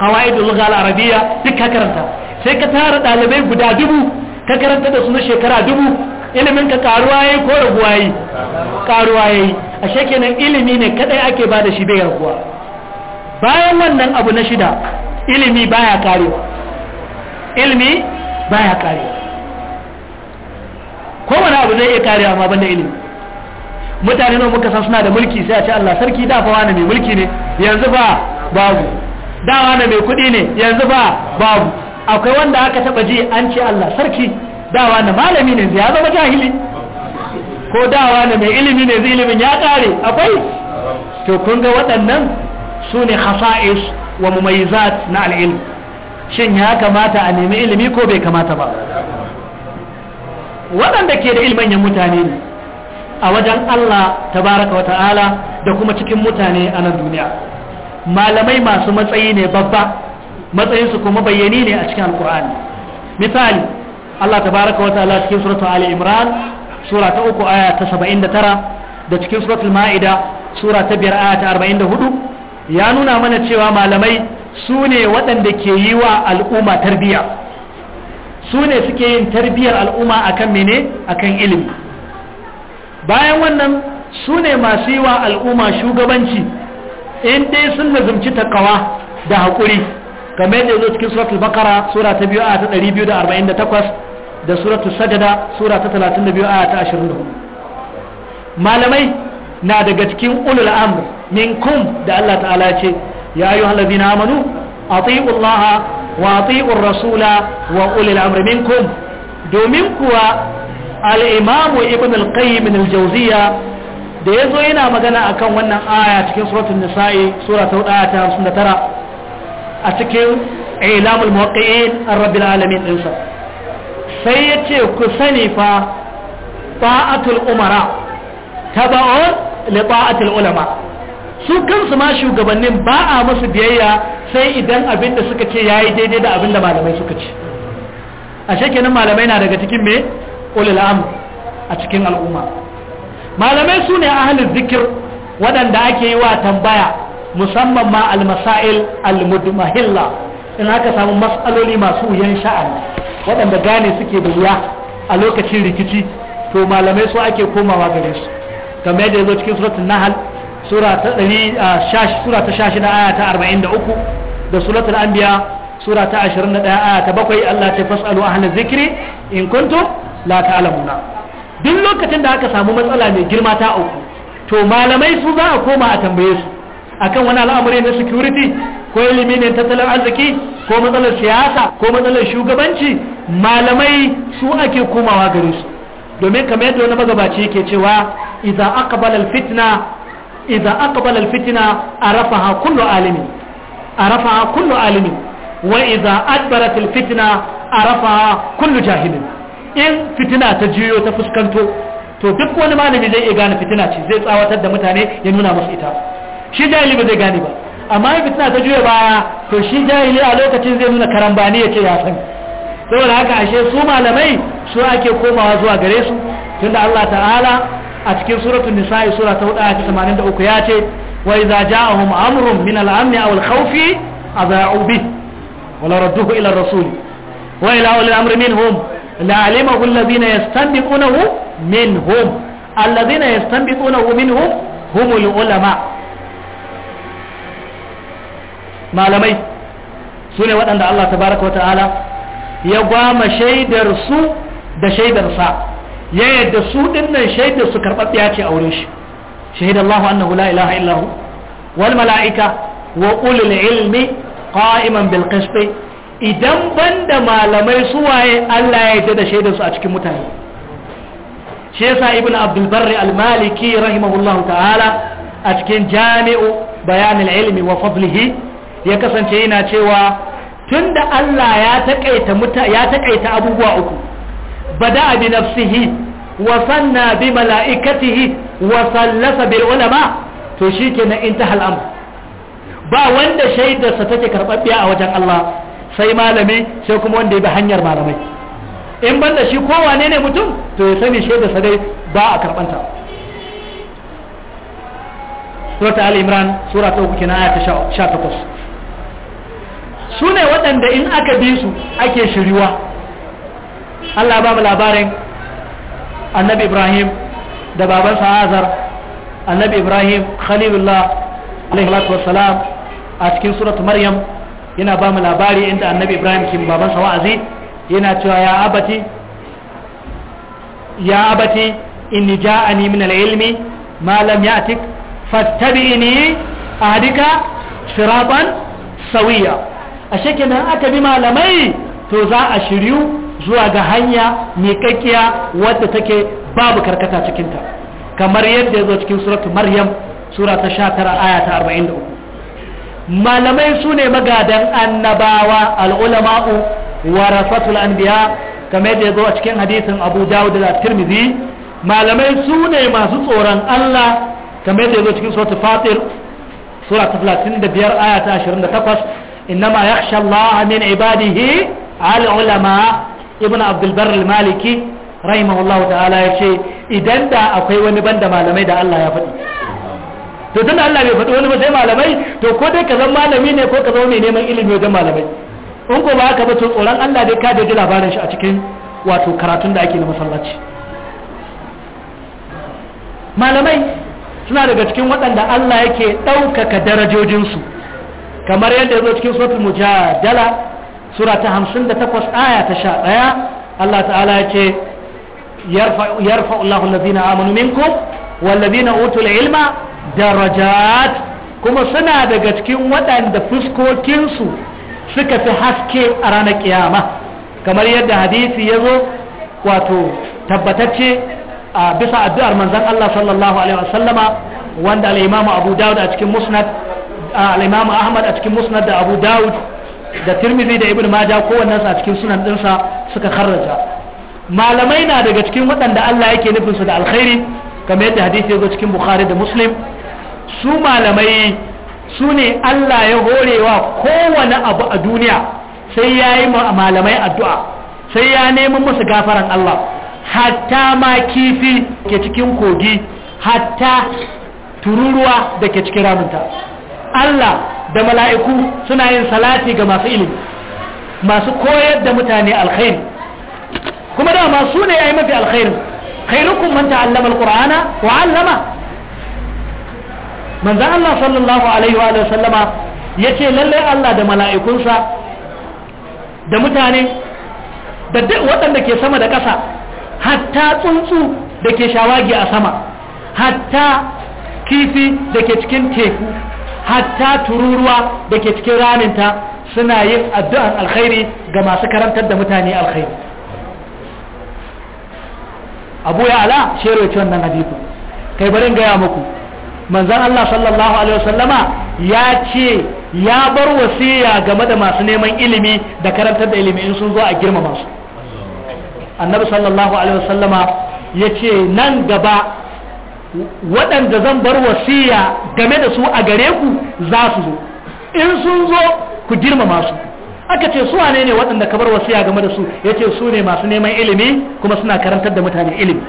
qawaid al-lugha al-arabiyya duk ka karanta sai ka tara dalibai guda dubu ka karanta da su na shekara dubu ilimin ka karuwa yayi ko raguwa yayi karuwa yayi ashe kenan ilimi ne kadai ake bada shi bai raguwa bayan wannan abu na shida ilimi baya kare ilimi baya Ko kowane abu zai iya karewa ma banda ilimi mutane nan muka san suna da mulki sai a ce Allah sarki da fa wani mai mulki ne yanzu ba babu da wani mai kuɗi ne yanzu ba babu akwai wanda aka taba ji an ce Allah sarki da wani malami ne ya zama jahili ko da wani mai ilimi ne zai ilimin ya kare akwai to kun ga waɗannan su ne hasa'is wa zat na al'ilm shin ya kamata a nemi ilimi ko bai kamata ba waɗanda ke da ilmanyan mutane ne a wajen Allah tabaraka wa ta'ala da kuma cikin mutane a nan duniya malamai masu matsayi ne babba matsayinsu kuma bayyani ne a cikin alkur'ani misali Allah tabaraka wa ta'ala cikin suratul ali imran sura ta uku aya ta 79 da cikin suratul ma'ida sura ta biyar aya ta 44 ya nuna mana cewa malamai su ne waɗanda ke yi wa al'umma tarbiya su ne suke yin tarbiyar al'umma akan mene akan ilimi bayan wannan su ne masu yi wa al'umma shugabanci in dai sun nazumci takawa da haƙuri game da yanzu cikin suratul bakara sura ta biyu a ta 248 da suratul sajada sura ta 32 a ta 24 malamai na daga cikin ulul amr minkum da Allah ta'ala ce ya ayyuhal ladina amanu atiiu Allah wa atiiu rasula wa ulul amr minkum domin kuwa al-imam ibn al-qayyim al-jawziya da yazo yana magana akan wannan aya cikin suratul nisa'i sura ta 159 a cikin ilamul muwaqqi'in ar-rabbil alamin insa sai yace ku sani fa ta'atul umara taba'un lita'atul ulama su kansu ma shugabannin ba a musu biyayya sai idan abin da suka ce yayi daidai da abin da malamai suka ce a shekenan malamai na daga cikin me ulul amr a cikin al'umma malamai su ne ahalin zikir waɗanda ake yi wa tambaya musamman ma al-masail al-mudmahilla in aka samu mas'aloli masu yan sha'ani waɗanda gane suke da wuya a lokacin rikici to malamai su ake komawa gare su kamar yadda zo cikin suratun nahal sura ta shashi sura ta aya ta 43 da suratul anbiya sura ta 21 aya ta 7 Allah ta fasalu ahla zikri in kuntum la ta'lamuna duk lokacin da aka samu matsala mai girma ta uku to malamai su za a koma a tambaye su akan wani al'amari na security ko ilimi ne tattalin arziki ko matsalar siyasa ko matsalar shugabanci malamai su ake komawa gare su domin kamar yadda wani magabaci yake cewa idza aqbala alfitna idza aqbala alfitna arafaha kullu alimi arafaha kullu alimi wa idza adbarat alfitna arafaha kullu jahilin in fitina ta jiyo ta fuskanto to duk wani malami zai iya gane fitina ce zai tsawatar da mutane ya nuna musu ita shi jahili ba zai gane ba amma in fitina ta juya baya to shi jahili a lokacin zai nuna karambani ya ce ya san saboda haka ashe su malamai su ake komawa zuwa gare su tunda Allah ta'ala a cikin suratul nisa'i sura ta 483 ya ce wa idza ja'ahum amrun min al-amn aw al-khawf adha'u bi wa la radduhu ila ar-rasul wa ila ulil amri minhum la'alimahu alladhina yastanbiqunahu minhum alladhina yastanbiqunahu minhum humul ulama malamai su ne waɗanda Allah tabaraka wa ta'ala ya gwama shaidar su da shaidar sa ya yadda su dinnan shaidar su karɓaɓɓiya ce a wurin shi shahidan Allahu annahu la ilaha illahu wal mala'ika wa ulul ilmi qa'iman bil idan banda malamai su waye Allah ya yadda da shaidar su a cikin mutane shi yasa ibnu abdul barri al maliki rahimahullahu ta'ala a cikin jami'u bayan ilmi wa fadlihi ya kasance yana cewa tunda Allah ya takaita ya taƙaita abubuwa uku bada'a bi nafsihi wa sanna bi mala'ikatihi wa sallasa bil ulama to shikenan intaha al'amr ba wanda shaidarsa take karbabbiya a wajen Allah sai malami sai kuma wanda ya bi hanyar malamai in banda shi ko wane ne mutum to ya sani shaidarsa dai ba a karbanta surata al-imran sura ta uku kenan aya ta 18 su ne waɗanda in aka bi su ake shiriwa Allah ba mu labarin annabi Ibrahim da babansa Azar annabi Ibrahim Khalilullah alaihi wassalam a cikin suratu Maryam yana ba mu labari inda annabi Ibrahim kin babansa wa'azi yana cewa ya abati ya abati inni ja'ani min al-ilmi ma lam ya'tik fattabi'ni ahdika siratan sawiya ashe kenan aka bi malamai to za a shiryu zuwa ga hanya miƙaƙiya wadda take babu karkata cikinta kamar yadda ya zo cikin suratu maryam sura ta sha aya ta arba'in da uku malamai su ne magadan annabawa al'ulama'u an biya kamar yadda ya zo a cikin hadisin abu dawud da tirmidhi malamai su ne masu tsoron allah kamar yadda ya zo cikin suratu fatir sura ta 35 aya ta 28 innama yakhsha allah min ibadihi al'ulama ibn abdulbar maliki rahimahullahu ta'ala ya ce idan da akwai wani banda malamai da Allah ya faɗi to tunda Allah bai faɗi wani ba sai malamai to ko dai ka zama malami ne ko ka zama mai neman ilimi wajen malamai in ko ba haka ba to tsoron Allah dai ka da ji labarin shi a cikin wato karatun da ake na masallaci malamai suna daga cikin waɗanda Allah yake ɗaukaka darajojinsu kamar yadda ya zo cikin suratul mujadala sura ta hamsin da takwas aya ta sha ɗaya Allah ta'ala ya ce yarfa Allah allazina amanu minkum wallazina utul ilma darajat kuma suna daga cikin waɗanda fuskokinsu suka fi haske a ranar kiyama kamar yadda hadisi ya zo wato tabbatacce a bisa addu'ar manzon Allah sallallahu alaihi wasallama wanda al'imamu Abu Dawud a cikin Musnad al'imamu Ahmad a cikin Musnad da Abu Dawud da tirmidhi da ibn maja wannan sa cikin sunan dinsa suka kharraja malamai na daga cikin waɗanda Allah yake nufin su da alkhairi kamar yadda hadisi yazo cikin bukhari da muslim su malamai su ne Allah ya horewa kowane abu a duniya sai ya yi malamai addu'a sai ya nemi musu gafaran Allah hatta ma kifi ke cikin kogi hatta tururuwa da ke cikin ramunta Allah da mala'iku suna yin salati ga masu ilimi masu koyar da mutane alkhairi kuma dama su ne yi mafi alkhairi khairukum man ta'allama alqur'ana wa 'allama manzo Allah sallallahu alaihi wa sallama yace lalle Allah da mala'ikunsa da mutane da duk waɗanda ke sama da ƙasa hatta tsuntsu da ke shawagi a sama hatta kifi da ke cikin teku hatta tururuwa da ke cikin raminta suna yin addu'an alkhairi ga masu karantar da mutane alkhairi abu ya ala shero ce wannan hadithu kai barin gaya muku manzan Allah sallallahu alaihi wasallama ya ce ya bar wasiya game da masu neman ilimi da karantar da ilimi in sun zo a girmama su annabi sallallahu alaihi wasallama ya ce nan gaba waɗanda zan bar wasiya game da su a gare ku za su zo in sun zo ku girmama su aka ce su wane ne waɗanda ka bar wasiya game da su ya ce su ne masu neman ilimi kuma suna karantar da mutane ilimi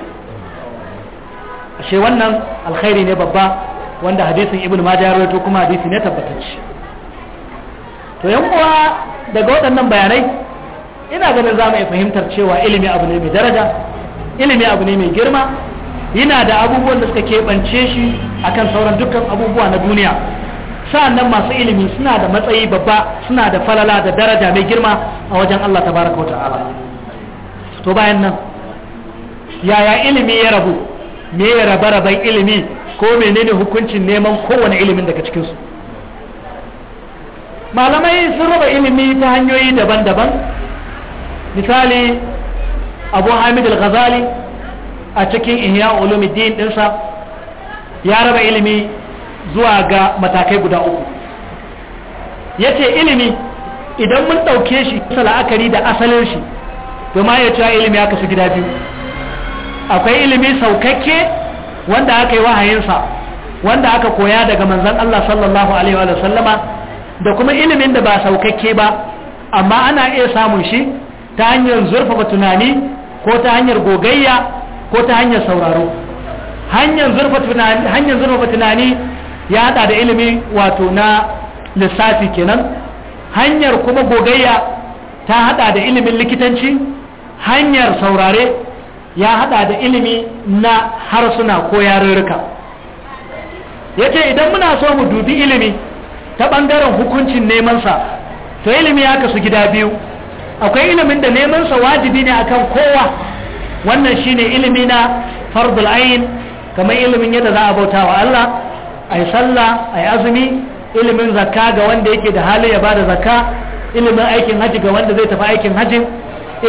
ashe wannan alkhairi ne babba wanda hadisin ibn majah ya rawaito kuma hadisi ne tabbatacce to yan uwa daga waɗannan bayanai ina ganin za mu fahimtar cewa ilimi abu ne mai daraja ilimi abu ne mai girma yana da abubuwan da suka keɓance shi akan sauran dukkan abubuwa na duniya sa-a-nan masu ilimi suna da matsayi babba suna da falala da daraja mai girma a wajen Allah baraka wata ala to bayan nan yaya ilimi ya rabu me ya raba raban ilimi ko menene hukuncin neman kowane ilimin daga cikinsu? malamai sun raba ilimi ta hanyoyi daban-daban misali abu hamid al-ghazali a cikin ihya ulumuddin dinsa ya raba ilimi zuwa ga matakai guda uku yace ilimi idan mun ɗauke shi kusa la'akari da asalin shi domin ya cewa ilimi ya kasu gida biyu akwai ilimi saukakke wanda aka yi wahayinsa wanda aka koya daga manzan Allah sallallahu alaihi wa sallama da kuma ilimin da ba saukakke ba amma ana iya samun shi ta hanyar zurfafa tunani ko ta hanyar gogayya ko ta hanyar sauraro hanyar zurfa tunani ya haɗa da ilimi wato na lissafi kenan hanyar kuma gogayya ta haɗa da ilimin likitanci hanyar saurare ya haɗa da ilimi na harsuna ko yarurruka ya ce idan muna so mu dubi ilimi ta ɓangaren hukuncin nemansa to ilimi ya kasu gida biyu akwai ilimin da nemansa wajibi ne akan kowa wannan shine ilimi na fardul ain kamar ilimin yadda za a bauta wa Allah ai sallah ai azumi ilimin zakka ga wanda yake da hali ya bada zakka ilimin aikin haji ga wanda zai tafi aikin hajin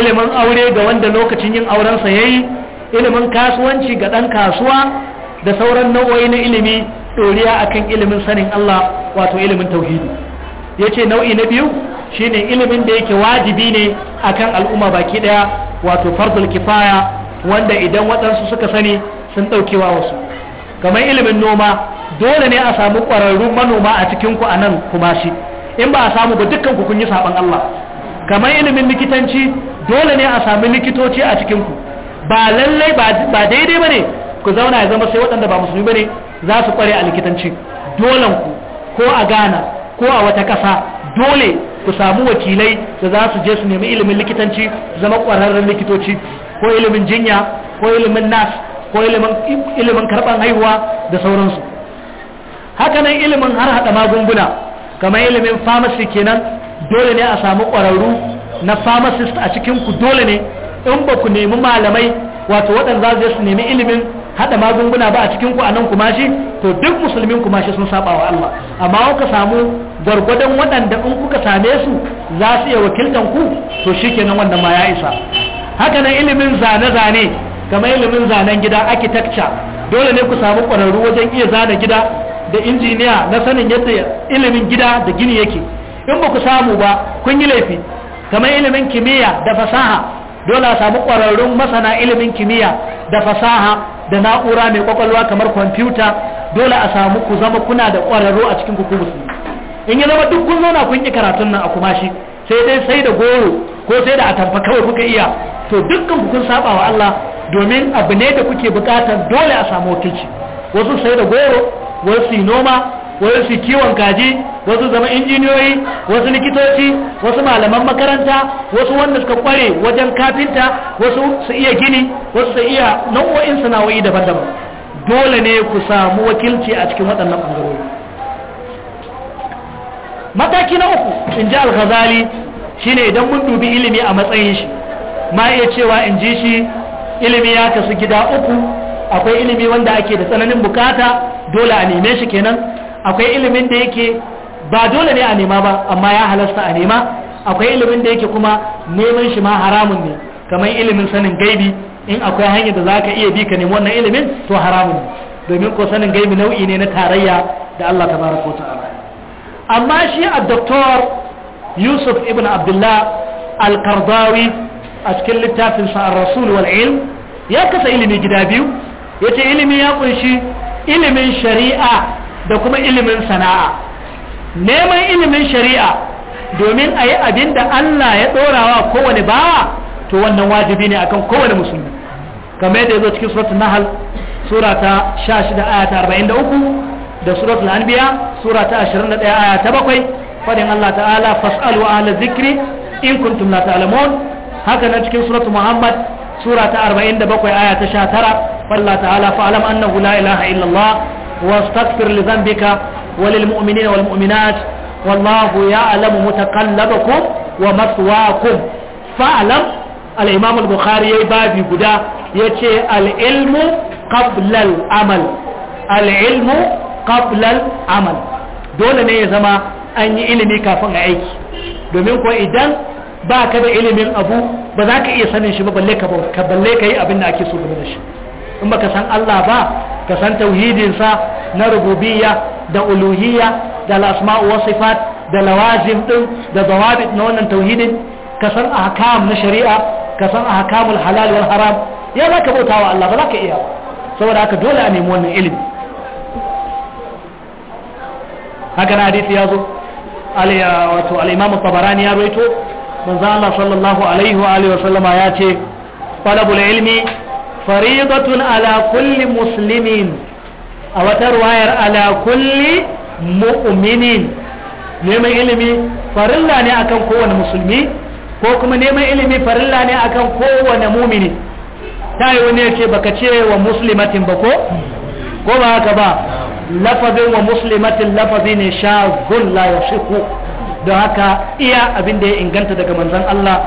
ilimin aure ga wanda lokacin yin auren sa yayi ilimin kasuwanci ga dan kasuwa da sauran nau'o'i na ilimi doriya akan ilimin sanin Allah wato ilimin tauhidi yace nau'i na biyu shine ilimin da yake wajibi ne akan al'umma baki daya wato fardul kifaya wanda idan waɗansu suka sani sun ɗaukewa wasu kamar ilimin noma dole ne a samu ƙwararrun manoma a cikin ku a nan kuma shi in ba a samu ba dukkan ku kun yi saɓan Allah kamar ilimin likitanci dole ne a sami likitoci a cikin ku ba lallai ba daidai bane ku zauna ya zama sai waɗanda ba musulmi bane za su kware a likitanci dolen ku ko a Ghana ko a wata ƙasa dole ku samu wakilai da za su je su nemi ilimin likitanci zama ƙwararren likitoci ko ilimin jinya ko ilimin nas ko ilimin karɓar haihuwa da sauransu hakanan ilimin har haɗa magunguna kamar ilimin pharmacy kenan dole ne a samu ƙwararru na pharmacist a cikin dole ne in ba ku nemi malamai wato waɗanda za su nemi ilimin haɗa magunguna ba a cikin ku a nan kumashi to duk musulmin kumashi sun saba wa Allah amma ka samu gwargwadon waɗanda in kuka same su za su iya wakiltan ku to shi kenan wannan ma ya isa haka nan ilimin zane-zane kamar ilimin zanen gida architecture dole ne ku samu ƙwararru wajen iya zane gida da injiniya na sanin yadda ilimin gida da gini yake in ba ku samu ba kun yi laifi kamar ilimin kimiyya da fasaha dole a samu ƙwararrun masana ilimin kimiyya da fasaha da na'ura mai kwakwalwa kamar kwamfuta dole a samu ku zama kuna da ƙwararru a cikin ku musulmi in ya zama duk kun na kun yi karatun nan a kuma shi sai dai sai da goro ko sai da atamfa kawai kuka iya to dukkan ku kun saba wa Allah domin abu ne da kuke bukatar dole a samu wakilci wasu sai da goro wasu noma wasu kiwon kaji wasu zama injiniyoyi wasu likitoci wasu malaman makaranta wasu wanda suka kware wajen kafinta wasu su iya gini wasu su iya nau'o'in sana'o'i daban-daban dole ne ku samu wakilci a cikin waɗannan ɓangarori mataki na uku in ji alghazali shine idan mun dubi ilimi a matsayin shi ma iya cewa in ji shi ilimi ya kasu gida uku akwai ilimi wanda ake da tsananin bukata dole a neme shi kenan akwai ilimin da yake ba dole ne a nema ba amma ya halasta a nema akwai ilimin da yake kuma neman shi ma haramun ne kamar ilimin sanin gaibi in akwai hanyar da zaka iya bi ka nemi wannan ilimin to haramun ne domin ko sanin gaibi nau'i ne na tarayya da Allah tabaraka wa ta'ala amma shi a doktor yusuf ibn abdullah al-kardawi a cikin littafinsa a rasul wal'ilm, ya kasa ilimi gida biyu ya ce ilimi ya kunshi ilimin shari'a da kuma ilimin sana'a neman ilimin shari'a domin a yi abin da allah ya ɗorawa kowane bawa to wannan wajibi ne akan kowane musulmi kamar yadda ya zo cikin sura ta 16 43 da suratul anbiya sura ta 21 aya ta 7 fadin Allah ta'ala fas'alu ahla zikri in kuntum la ta'lamun haka nan cikin suratu muhammad sura ta 47 aya ta 19 Allah ta'ala fa'lam annahu la ilaha illa Allah واستغفر لذنبك وللمؤمنين والمؤمنات والله يعلم bukhari yayi فاعلم guda yace يبادي قدا يتي al قبل العمل العلم qablal amal dole ne ya zama an yi ilimi kafin a aiki domin ko idan ba ka da ilimin abu ba za ka iya sanin shi ba balle ka balle ka yi abin da ake so game da shi in baka san Allah ba ka san tauhidinsa na rububiyya da uluhiyya da al'asma'u wa sifat da lawazim din da dawabit na wannan tauhidin ka san ahkam na shari'a ka san ahkamul halal wal haram ya za ka bauta wa Allah ba za ka iya saboda haka dole a nemi wannan ilimi haka na hadisi ya zo wato al'imamu tabarani ya roito manzo Allah sallallahu alaihi wa alihi wasallama ya ce talabul ilmi faridatun ala kulli muslimin a wata ruwayar ala kulli mu'minin neman ilimi farilla ne akan kowane musulmi ko kuma neman ilimi farilla ne akan kowane mumini ta yi wani ya ce baka ce wa muslimatin ba ko ko ba haka ba lafazin wa muslimatin lafazi ne sha la yasihu don haka iya abin da ya inganta daga manzan Allah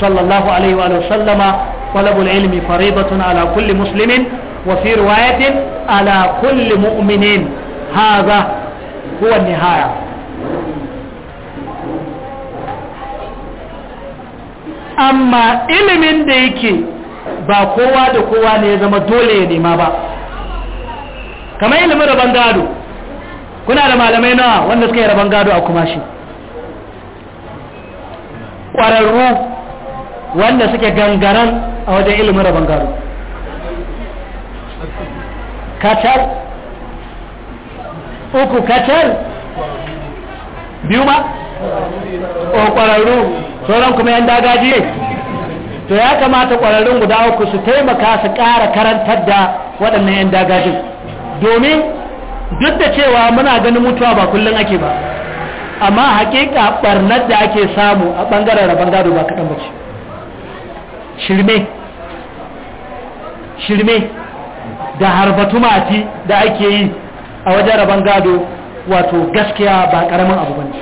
sallallahu alaihi wa sallama talabul ilmi faridatun ala kulli muslimin wa fi riwayatin ala kulli mu'minin hadha huwa nihaya amma ilimin da yake ba kowa da kowa ne ya zama dole ya nema ba kamar ilimin rabon gado kuna da malamai nawa wanda suka yi rabon gado a kuma shi ƙwararru wanda suke gangaran a wajen ilimin rabon gado kacar uku kacar biyu ba o oh, ƙwararru sauran kuma yan dagaji to ya kamata ƙwararrun guda uku su taimaka su ƙara karantar da waɗannan yan dagajin domin duk da cewa muna ganin mutuwa ba kullum ake ba amma hakika barnar da ake samu a bangaren rabon gado ba kaɗan bace shirme shirme da harbatu mati da ake yi a wajen rabon gado wato gaskiya ba ƙaramin abu bane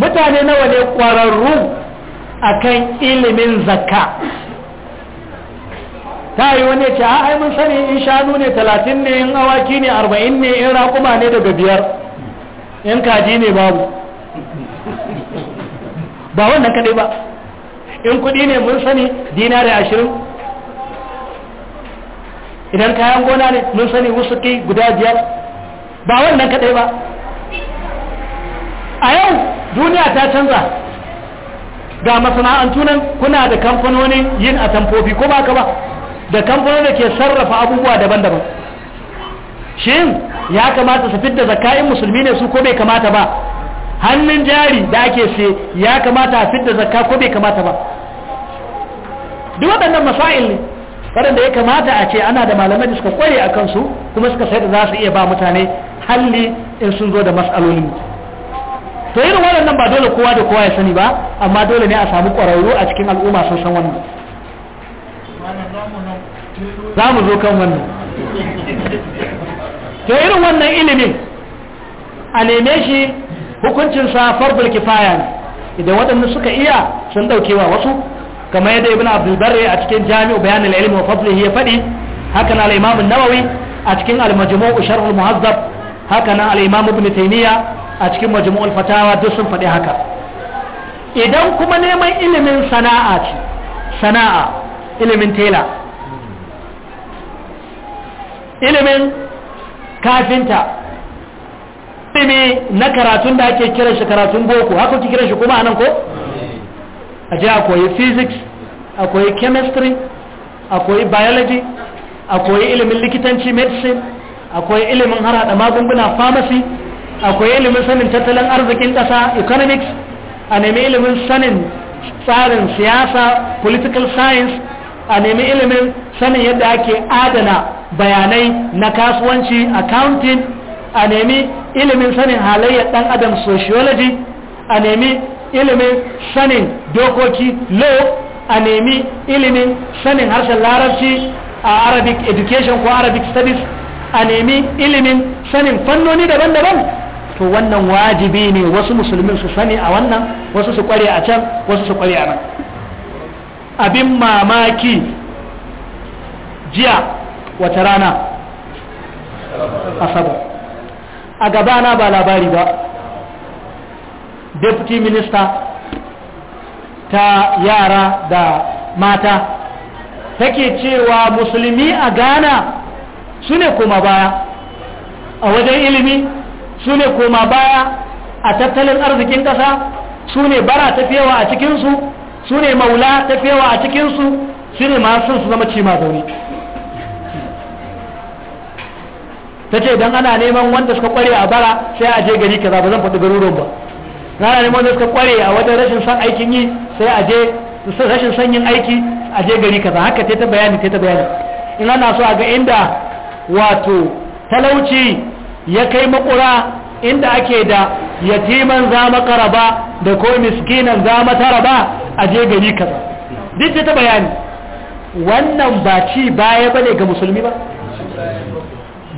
mutane nawa ne ƙwararru akan ilimin zakka ta yi wani ce a ai mun sani in shanu ne talatin ne in awaki ne arba'in ne in raƙuma ne daga biyar in kaji ne babu ba wannan kaɗai ba in kuɗi ne mun sani dinari ashirin idan kayan gona ne mun sani wusuki guda biyar ba wannan kaɗai ba a yau duniya ta canza ga masana'antu nan kuna da kamfanonin yin atamfofi ko ba ka ba da kamfanin da ke sarrafa abubuwa daban-daban shin ya kamata su fidda zaka'in musulmi ne su ko bai kamata ba hannun jari da ake sai ya kamata a fidda zakka ko bai kamata ba duk waɗannan masail ne waɗanda ya kamata a ce ana da malamai da suka kware a kansu kuma suka sai da za su iya ba mutane halli in sun zo da matsalolin to irin waɗannan ba dole kowa da kowa ya sani ba amma dole ne a samu ƙwararru a cikin al'umma sun san wannan za mu zo kan wannan to irin wannan ilimin a neme shi hukuncinsa farbul kifaya ne idan waɗanda suka iya sun ɗaukewa wasu kamar yadda ibn abdulbarre a cikin jami'u bayanin ilmi wa ya faɗi haka na al'imamun nawawi a cikin al-majmu'u sharhul muhazzab haka na al'imamu ibn a cikin majmu'ul fatawa duk sun faɗi haka idan kuma neman ilimin sana'a ce sana'a ilimin tela ilimin kafinta ilimi na karatun da ake kiran shi karatun boko haka ki kiran shi kuma anan ko a je a physics a chemistry a biology a ilimin likitanci medicine akwai ilimin harada magunguna pharmacy akwai ilimin sanin tattalin arzikin ƙasa economics a nemi ilimin sanin tsarin siyasa political science a nemi ilimin sanin yadda ake adana bayanai na kasuwanci accounting a nemi ilimin sanin halayyar dan adam sociology a nemi ilimin sanin dokoki law a nemi ilimin sanin harshen larabci a arabic education ko arabic studies a nemi ilimin sanin fannoni daban-daban to wannan wajibi ne wasu musulmin su sani a wannan wasu su kware a can wasu su kware a nan abin mamaki jiya wata rana asabar a gabana ba labari ba deputy minister ta yara da mata take cewa musulmi a ghana su ne koma baya a wajen ilimi su ne koma baya a tattalin arzikin ƙasa su ne bara tafiyawa a cikinsu su ne maula ta yawa a cikinsu su ne masu su zama cima zaune ta ce don ana neman wanda suka kware a bara sai a je gari kaza ba zan faɗi garuruwan ba ana neman wanda suka kware a wajen rashin son aikin yi sai a je rashin yin aiki a je gari kaza haka ta ta bayani ta ta bayani in ana so a ga inda wato talauci ya kai makura inda ake da yatiman za makaraba da ko miskinan za mataraba a je gari kaza duk ta bayani wannan ba ci baya bane ga musulmi ba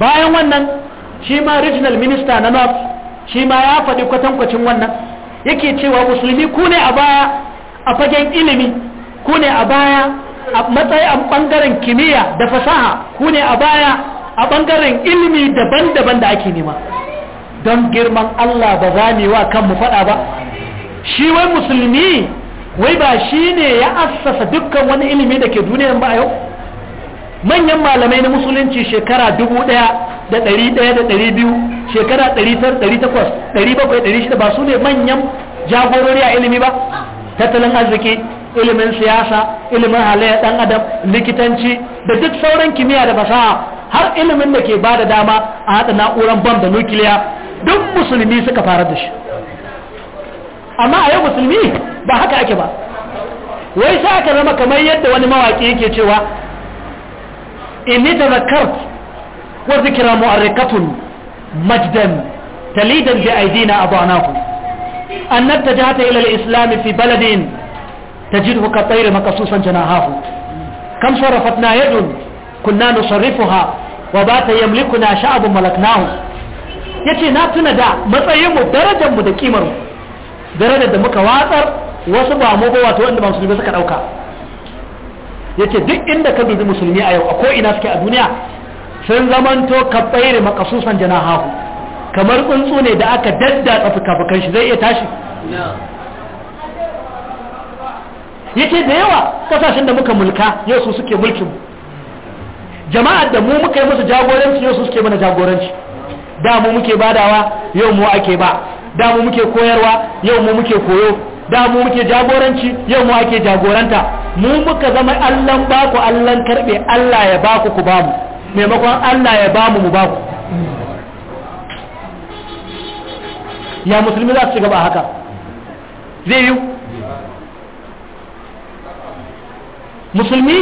bayan wannan shi ma regional minister na north shi ma ya faɗi kwatankwacin wannan yake cewa musulmi ku ne a baya a fagen ilimi ku ne a baya a matsayin ɓangaren kimiyya da fasaha ku ne a baya a ɓangaren ilimi daban-daban da ake nema don girman Allah ba za mu wa kanmu faɗa ba shi wai musulmi wai ba shi ne ya assasa dukkan wani ilimi da ke duniyan ba yau manyan malamai na musulunci shekara dubu ɗaya da ɗari ɗaya da ɗari biyu shekara ɗari ɗari takwas ɗari bakwai ɗari shida ba su ne manyan jagorori a ilimi ba tattalin arziki ilimin siyasa ilimin halayyar ɗan adam likitanci da duk sauran kimiyya da fasaha har ilimin da ke ba da dama a haɗa na'uran bam da nukiliya duk musulmi suka fara da shi amma a yau musulmi ba haka ake ba wai sai aka zama kamar yadda wani mawaƙi yake cewa inni tazakart wa zikra mu'arrikatun majdan talidan bi aidina adanahu an nattajata ila alislam fi baladin tajidhu ka tayr makasusan مقصوصا kam sarafatna yadun kunna nusarrifuha wa bata yamlikuna شعب malaknahu yace na tuna da matsayin mu darajar mu da kimar mu darajar da muka watsar wasu ba mu ba wato wanda ba musulmi suka dauka yace duk inda ka dubi musulmi a yau a ko ina suke a duniya sun zamanto kabbaire makasusan janahahu kamar tsuntsu ne da aka daddatsa fuka shi zai iya tashi yace da yawa kasashen da muka mulka yau su suke mulkin jama'ar da mu muka yi musu jagoranci yau su suke mana jagoranci da mu muke badawa yau mu ake ba da mu muke koyarwa yau mu muke koyo da mu muke jagoranci yau mu ake jagoranta mu muka zama allan baku allan karbe allah ya baku ku bamu maimakon allah ya bamu mu baku ya musulmi za su ci gaba haka zai yi musulmi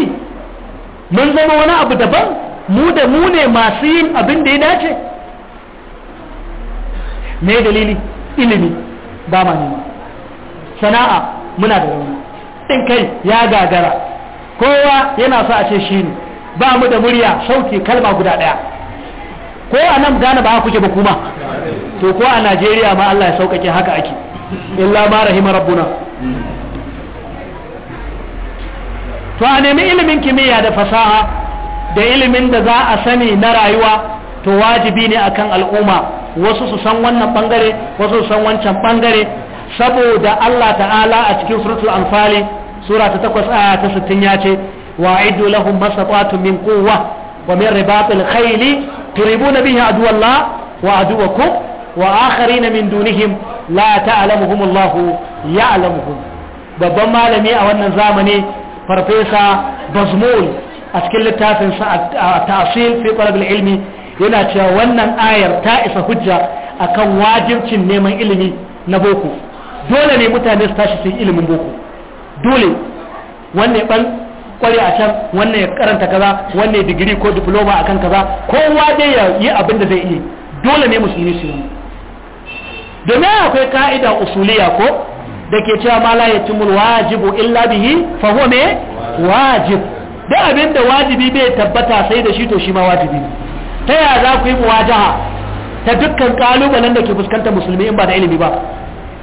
mun zama wani abu daban mu da mu ne masu yin abin da ya dace me dalili ilimi ba ma nema sana'a muna da rauni in kai ya gagara kowa yana sa a ce shi ne ba mu da murya sauke kalma guda ɗaya ko a nan gane ba kuke ba kuma to ko a najeriya ma allah ya sauƙaƙe haka ake illa ma rahima rabbuna to a nemi ilimin kimiyya da fasaha da ilimin da za a sani na rayuwa to wajibi ne akan al'umma wasu su san wannan bangare wasu su san wancan bangare saboda Allah ta'ala a cikin suratul anfali sura ta 8 aya ta 60 ya ce wa'idu lahum masaqatu min quwwa wa min ribatil khayli turibuna bihi aduwallah wa aduwakum wa akharina min dunihim la ta'lamuhumullahu ya'lamuhum babban malami a wannan zamani farfesa bazmul a cikin littafin sa ta'sil fi qalb al-ilmi yana cewa wannan ayar ta isa hujja akan wajibcin neman ilimi na boko dole ne mutane su tashi su ilimin boko dole wanne ban kware a can wanne ya karanta kaza wanne digiri ko diploma akan kaza kowa dai ya yi abin da zai yi, dole ne musulmi su yi domin akwai ka'ida usuliya ko da ke cewa mala ya yatimul wajibu illa bihi fa wajib da abin da wajibi bai tabbata sai da shi to shi ma wajibi ne ta yaya za ku yi muwajaha ta dukkan kalubalen da ke fuskantar musulmi in ba da ilimi ba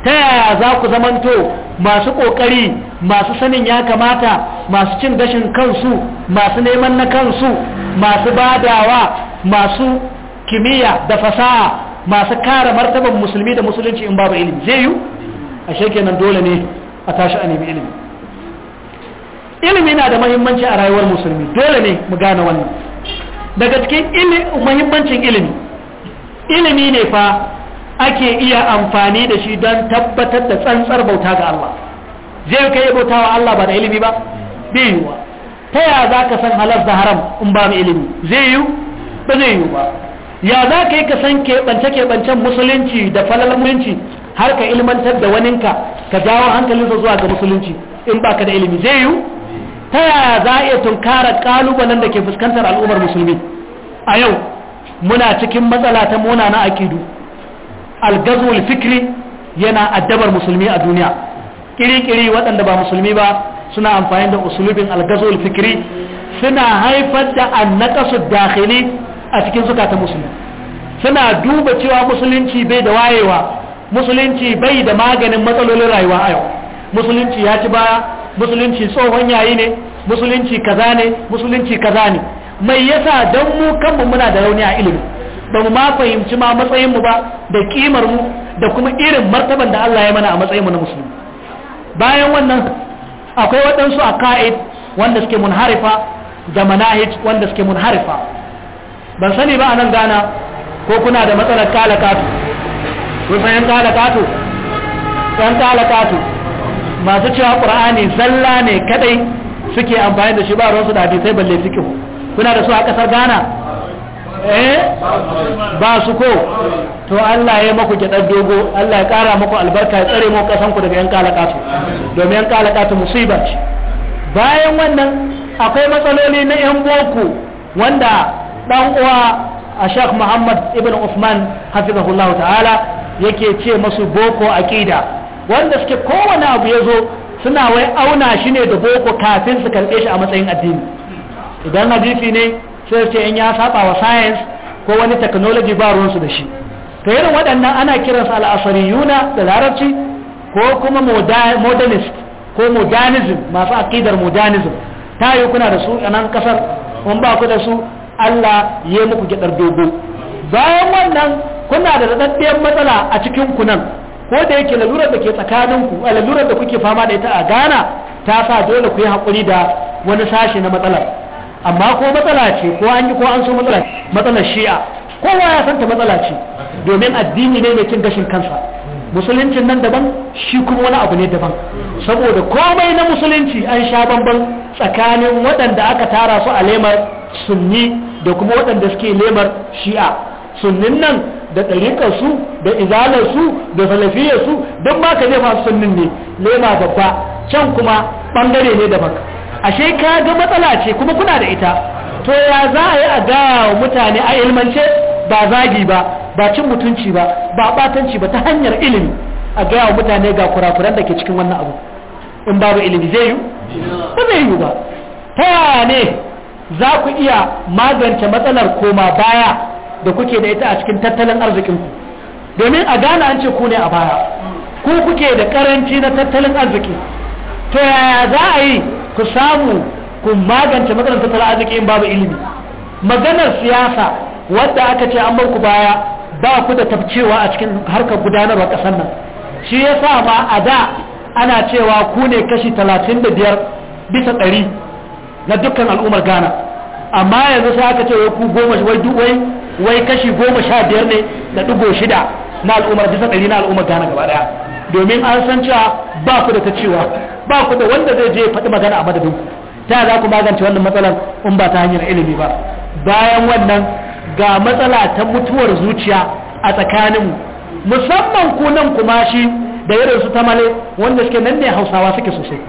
ta yaya za ku zamanto masu kokari masu sanin ya kamata masu cin gashin kansu masu neman na kansu masu badawa masu kimiyya da fasaha masu kara martaban musulmi da musulunci in babu ilimi zai yi ashe kenan dole ne a tashi a nemi ilimi ilimi na da mahimmanci a rayuwar musulmi dole ne mu gane wannan daga cikin muhimmancin ilimi ilimi ne fa ake iya amfani da shi don tabbatar da tsantsar bauta ga Allah zai kai bauta wa Allah ba da ilimi ba bai ba. ta ya za ka san halar da haram in ba mu ilimi zai yiwu ba zai yiwu ba ya za ka yi ka san keɓance-keɓancen musulunci da falalar musulunci har ka ilmantar da waninka ka jawo hankalinsa zuwa ga musulunci in ba ka da ilimi zai yiwu ta yaya za a iya tunkara kalubalen da ke fuskantar al'ummar musulmi a yau muna cikin matsala ta mona na aƙidu algazul fikri yana addabar musulmi a duniya ƙiri ƙiri waɗanda ba musulmi ba suna amfani da usulubin algazul fikri suna haifar da annakasu dakhili a cikin zukatan musulmi suna duba cewa musulunci bai da wayewa musulunci bai da maganin matsalolin rayuwa a yau musulunci ya ci baya musulunci tsohon yayi ne musulunci kaza ne musulunci kaza ne mai yasa dan mu kanmu muna da rauni a ilimi ba mu ma fahimci ma matsayin mu ba da kimar mu da kuma irin martaban da Allah ya mana a matsayin mu na musulmi bayan wannan akwai waɗansu a ka'id wanda suke munharifa da manahij wanda suke munharifa ban sani ba a nan gana ko kuna da matsalar kala kato kun san yan kala masu cewa qur'ani zalla ne kadai suke amfani da shi ba ruwansu da hadisai balle fiqh kuna da su a ƙasar Ghana eh ba su ko to Allah ya maku gyaɗar dogo Allah ya ƙara maku albarka ya tsare muku ƙasanku daga yan kalakatu domin yan kalakatu musiba ce bayan wannan akwai matsaloli na yan boko wanda dan uwa a Sheikh Muhammad ibn Usman hafizahullahu ta'ala yake ce masu boko aƙida wanda suke kowane abu ya zo suna wai auna shi ne da boko kafin su karɓe shi a matsayin addini idan hadisi ne sai ce in ya saba wa science ko wani technology ba ruwansu da shi to irin waɗannan ana kiransu yuna da larabci ko kuma modernist ko modernism masu aƙidar modernism ta yi kuna da su a nan ƙasar in ba ku da su allah ya muku gyaɗar dogo bayan wannan kuna da daɗaɗɗiyar matsala a cikin kunan ko da yake lalurar da ke tsakaninku ku lalurar da kuke fama da ita a Ghana ta sa dole ku yi haƙuri da wani sashi na matsalar amma ko matsala ce ko an yi ko an so matsala matsalar shi'a kowa ya santa matsala ce domin addini ne mai cin gashin kansa musuluncin nan daban shi kuma wani abu ne daban saboda komai na musulunci an sha bamban tsakanin waɗanda aka tara su a lemar sunni da kuma waɗanda suke lemar shi'a sunnin nan da ɗariƙar su da izalar su da salafiyar su duk ba ka zai masu sunnin ne lema babba can kuma bangare ne daban ashe ka ga matsala ce kuma kuna da ita to ya za a yi a gaya wa mutane a ilmance ba zagi ba ba cin mutunci ba ba batanci ba ta hanyar ilimi a gaya wa mutane ga kurakuran da ke cikin wannan abu in babu ilimi zai yi ba zai yi ba ta ne za ku iya magance matsalar koma baya da kuke da ita a cikin tattalin arzikinku domin a gane an ce ku ne a baya ku kuke da karanci na tattalin arziki to yaya za a yi ku samu ku magance matsalar tattalin arziki in babu ilimi maganar siyasa wadda aka ce an bar ku baya ba ku da tafcewa a cikin harkar gudanarwa kasar nan shi ya sa ma a da ana cewa ku ne kashi talatin da biyar bisa ɗari na dukkan al'ummar ghana amma yanzu sai aka ce wai ku goma wai wai kashi goma sha biyar ne da ɗigo shida na al'ummar bisa ɗari na al'ummar gana gaba ɗaya domin an san cewa ba ku da ta cewa ba ku da wanda zai je faɗi magana a madadin ku ta za ku magance wannan matsalar in ba ta hanyar ilimi ba bayan wannan ga matsala ta mutuwar zuciya a tsakaninmu musamman ku nan kuma shi da irin su ta tamale wanda suke nan ne hausawa suke sosai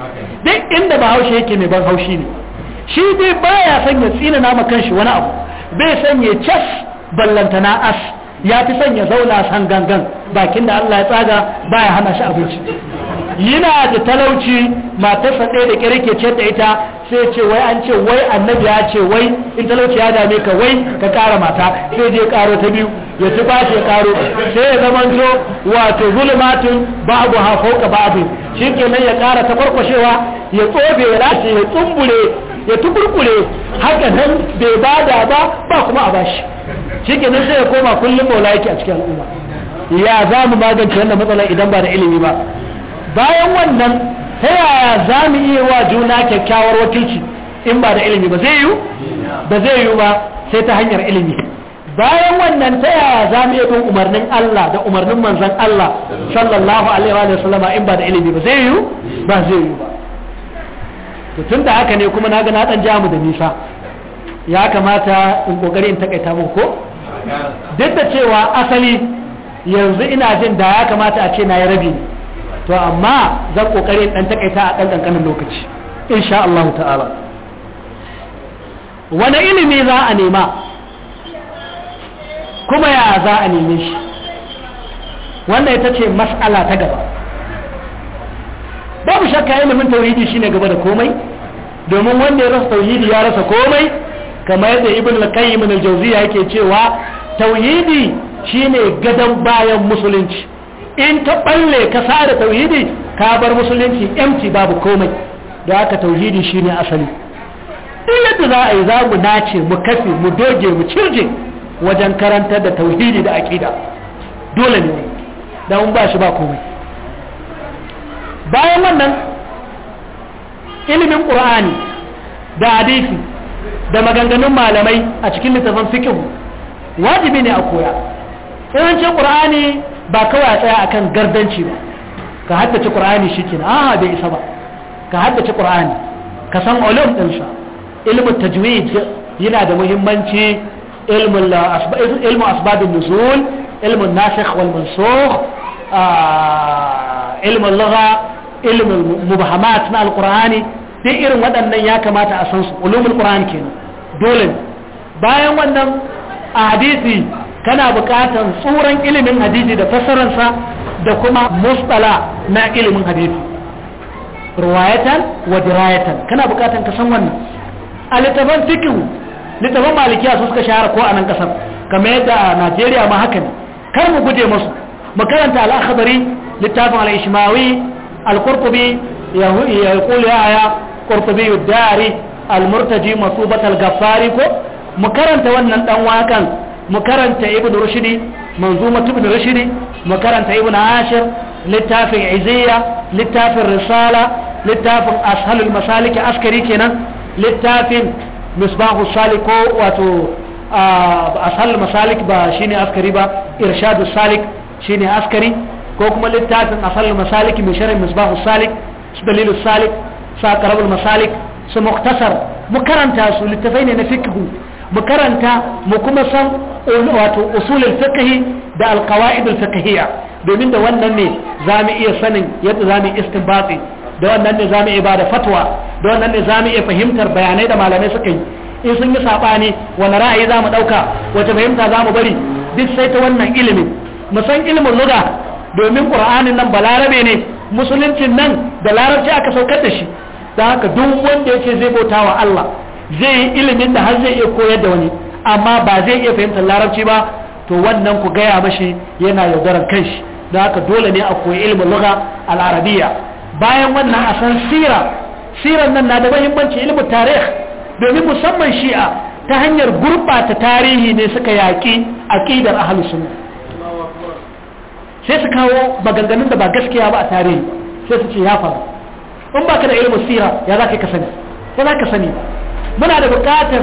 duk inda ba haushe yake mai ban haushi ne shi dai baya son ya tsina nama kanshi wani abu bai son ya cas ballantana as ya fi son ya zauna san gangan bakin da Allah ya tsaga ba baya hana shi abinci yana da talauci matarsa ɗaya da kirke ce da ita sai ce wai an ce wai annabi ya ce wai in talauci ya dame ka wai ka ƙara mata sai je ƙaro ta biyu ya ci ba ya ƙaro sai ya zamanto wato zulmatun babu hafo ka babu shi kenan ya ƙara ta farkwashewa ya tsobe ya lace ya tsumbure ya tukurkure haka nan bai bada ba ba kuma a bashi shi ke nan sai ya koma kullum maula yake a cikin al'umma ya za mu magance wannan matsala idan ba da ilimi ba bayan wannan ta yaya za mu iya wa juna kyakkyawar wakilci in ba da ilimi ba zai yiwu ba zai yiwu ba sai ta hanyar ilimi bayan wannan ta yaya za mu iya bin umarnin Allah da umarnin manzon Allah sallallahu alaihi wa sallama in ba da ilimi ba zai yiwu ba zai yiwu ba to tun da haka ne kuma na ga na dan jamu da nisa ya kamata in kokari in takaita muku ko duk da cewa asali yanzu ina jin da ya kamata a ce na yi rabi ne to amma zan kokari in dan takaita a dan kankanin lokaci insha Allah ta'ala wani ilimi za a nema kuma ya za a neme shi wannan ita ce mas'ala ta gaba babu shakka ilimin tauhidi shine gaba da komai domin wanda ya rasa tauhidi ya rasa komai kamar yadda ibn al-qayyim al-jawziya yake cewa tauhidi shine gadan bayan musulunci in taɓalle balle ka sare tauhidi ka bar musulunci empty babu komai da haka tauhidi shine asali duk yadda za a yi za mu nace mu kafe mu doge mu cirje wajen karantar da tauhidi da aƙida dole ne dan ba shi ba komai bayan wannan ilimin ƙur'ani, da hadisi da maganganun malamai a cikin littafin fiqh wajibi ne a koya in ƙur'ani ba kawai a tsaya akan gardanci ba ka haddace qur'ani shikenan a bai isa ba ka haddace ƙur'ani ka san ulum ɗin sa ilmu tajwid yana da muhimmanci ilmu asbabin nuzul ilmu nasikh wal mansukh ah, ilmu lugha ilmin mubahamat na alkur'ani duk irin waɗannan ya kamata a san su ulumul kenan dole bayan wannan a hadisi kana buƙatar tsoron ilimin hadisi da fassararsa da kuma mustala na ilimin hadisi ruwayatan wa dirayatan kana buƙatar ka san wannan a fikihu littafan malikiya su suka shahara ko a nan ƙasar kamar yadda a najeriya ma haka ne kar mu guje musu mu karanta al-akhbari littafin al-ishmawi القرطبي يقول يا آية قرطبي الداري المرتجي مصوبة الغفاري مكرنت ونن دواكا مكرنت ابن رشدي منظومة ابن رشدي makaranta ابن عاشر littafin iziya littafin risala littafin ashalul masaliki askari kenan littafin misbahu salik ko wato ashalul masalik ba shine askari ba irshadu salik shine askari ko kuma littafin asal masalik mai sharhin misbahu salik su dalilu salik sa karabul masalik su muktasar mu karanta su littafai ne na fiqhu mu karanta mu kuma san wato usulul fiqhi da alqawaidul fiqhiyya domin da wannan ne mu iya sanin yadda zamu istinbati da wannan ne mu iya bada fatwa da wannan ne mu iya fahimtar bayanai da malamai suka yi in sun yi sabani wani ra'ayi zamu ɗauka wace fahimta zamu bari duk sai ta wannan ilimin mu san ilimin luga domin ƙur'anin nan balarabe ne musuluncin nan da larabci aka saukar da shi da haka duk wanda ya ce zai bauta wa Allah zai yi ilimin da har zai iya koyar da wani amma ba zai iya fahimtar larabci ba to wannan ku gaya mashi yana yaudarar kanshi da haka dole ne a koyi ilimin lugha al'arabiya. bayan wannan a san sira siran nan na da mahimmanci ilimin tarih domin musamman shi'a ta hanyar gurbata tarihi ne suka yaƙi aƙidar ahlus sunna sai su kawo maganganun da ba gaskiya ba a tarihi sai su ce ya faru in baka da ilimin sira ya za ka sani ya za ka sani muna da bukatar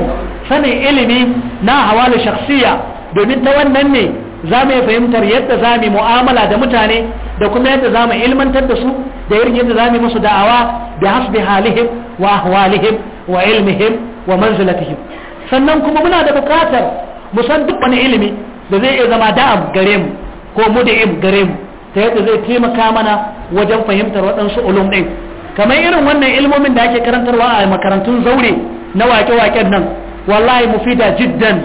sanin ilimi na hawali shaksiya domin ta wannan ne za mu fahimtar yadda za mu mu'amala da mutane da kuma yadda za mu ilmantar da su da irin yadda za mu musu da'awa da hasbi halihim wa ahwalihim wa ilmihim wa manzilatihim sannan kuma muna da bukatar mu san duk wani ilimi da zai iya zama da'am gare mu ko muda'im gare mu ta yadda zai taimaka mana wajen fahimtar waɗansu ulum ɗin kamar irin wannan ilmomin da ake karantarwa a makarantun zaure na wake-waken nan wallahi mufida jiddan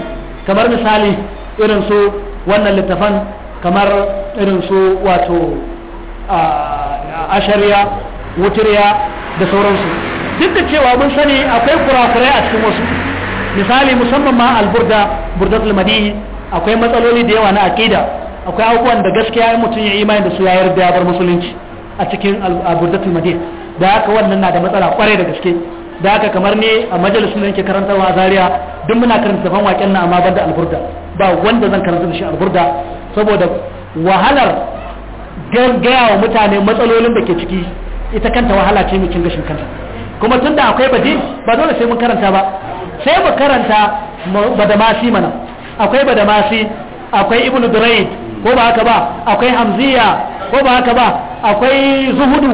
kamar misali irin su wannan littafan kamar irin su wato ashariya wuturiya da sauransu duk da cewa mun sani akwai kurakurai a cikin wasu misali musamman ma alburda burdatul madini akwai matsaloli da yawa na aƙida akwai abubuwan da gaskiya mutum ya imani da su ya yarda ya bar musulunci a cikin abudatul madina da haka wannan na da matsala kwarai da gaske da haka kamar ne a majalisun da nake karantarwa zaria duk muna karanta ban waken nan amma banda alburda ba wanda zan karanta da shi alburda saboda wahalar gaya wa mutane matsalolin da ke ciki ita kanta wahala ce mai cin gashin kanta kuma tunda akwai badi ba dole sai mun karanta ba sai mu karanta badamasi mana akwai badamasi akwai ibnu durayd ko ba haka ba akwai hamziya ko ba haka ba akwai zuhudu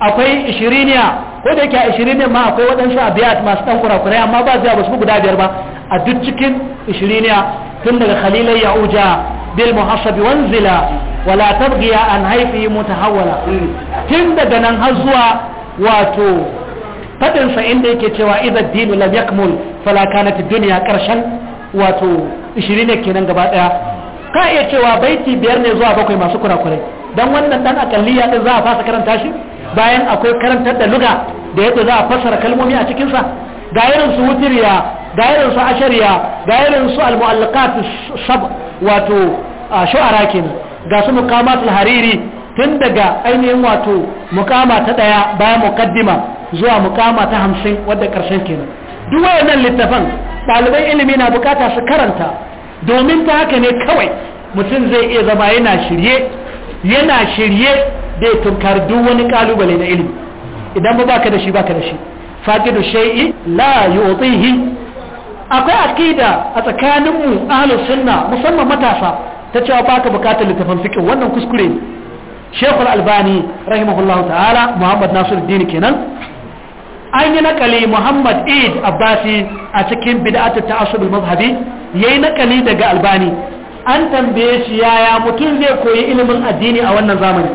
akwai ishiriniya ko da yake a ishiriniya ma akwai waɗansu abiyat masu ɗan kurakurai amma ba zai ba su guda biyar ba a duk cikin ishiriniya tun daga khalilai uja bil muhassabi wanzila wala tabgiya an haifi mutahawwala tun daga nan har zuwa wato fadinsa inda yake cewa idan dinu lam yakmul fala kanat dunya karshen wato 20 kenan gaba daya ka iya cewa baiti biyar ne zuwa bakwai masu kurakurai dan wannan dan akalliya din za a fasa karanta shi bayan akwai karantar da luga da yadda za a fassara kalmomi a cikin sa ga irin su wutiriya ga irin su ashariya ga irin su sab wato shu'ara kenan ga su al hariri tun daga ainihin wato mukama ta daya bayan muqaddima zuwa mukama ta 50 wadda karshen kenan duk wayannan littafan ɗaliban ilimi na bukata su karanta domin ta haka ne kawai mutum zai iya zama yana shirye yana shirye da ya tunkar duk wani kalubale na ilimi idan ba baka da shi baka da shi faqidu shay'i la yu'tihi akwai aqida a tsakanin mu ahlus sunna musamman matasa ta cewa baka bukatar littafin fiqh wannan kuskure ne Sheikhul Albani rahimahullahu ta'ala Muhammad Nasiruddin kenan an yi nakali Muhammad Eid Abbasi a cikin bid'atu ta'assub al-mazhabi yayi nakali daga albani an tambaye shi yaya mutum zai koyi ilimin addini a wannan zamani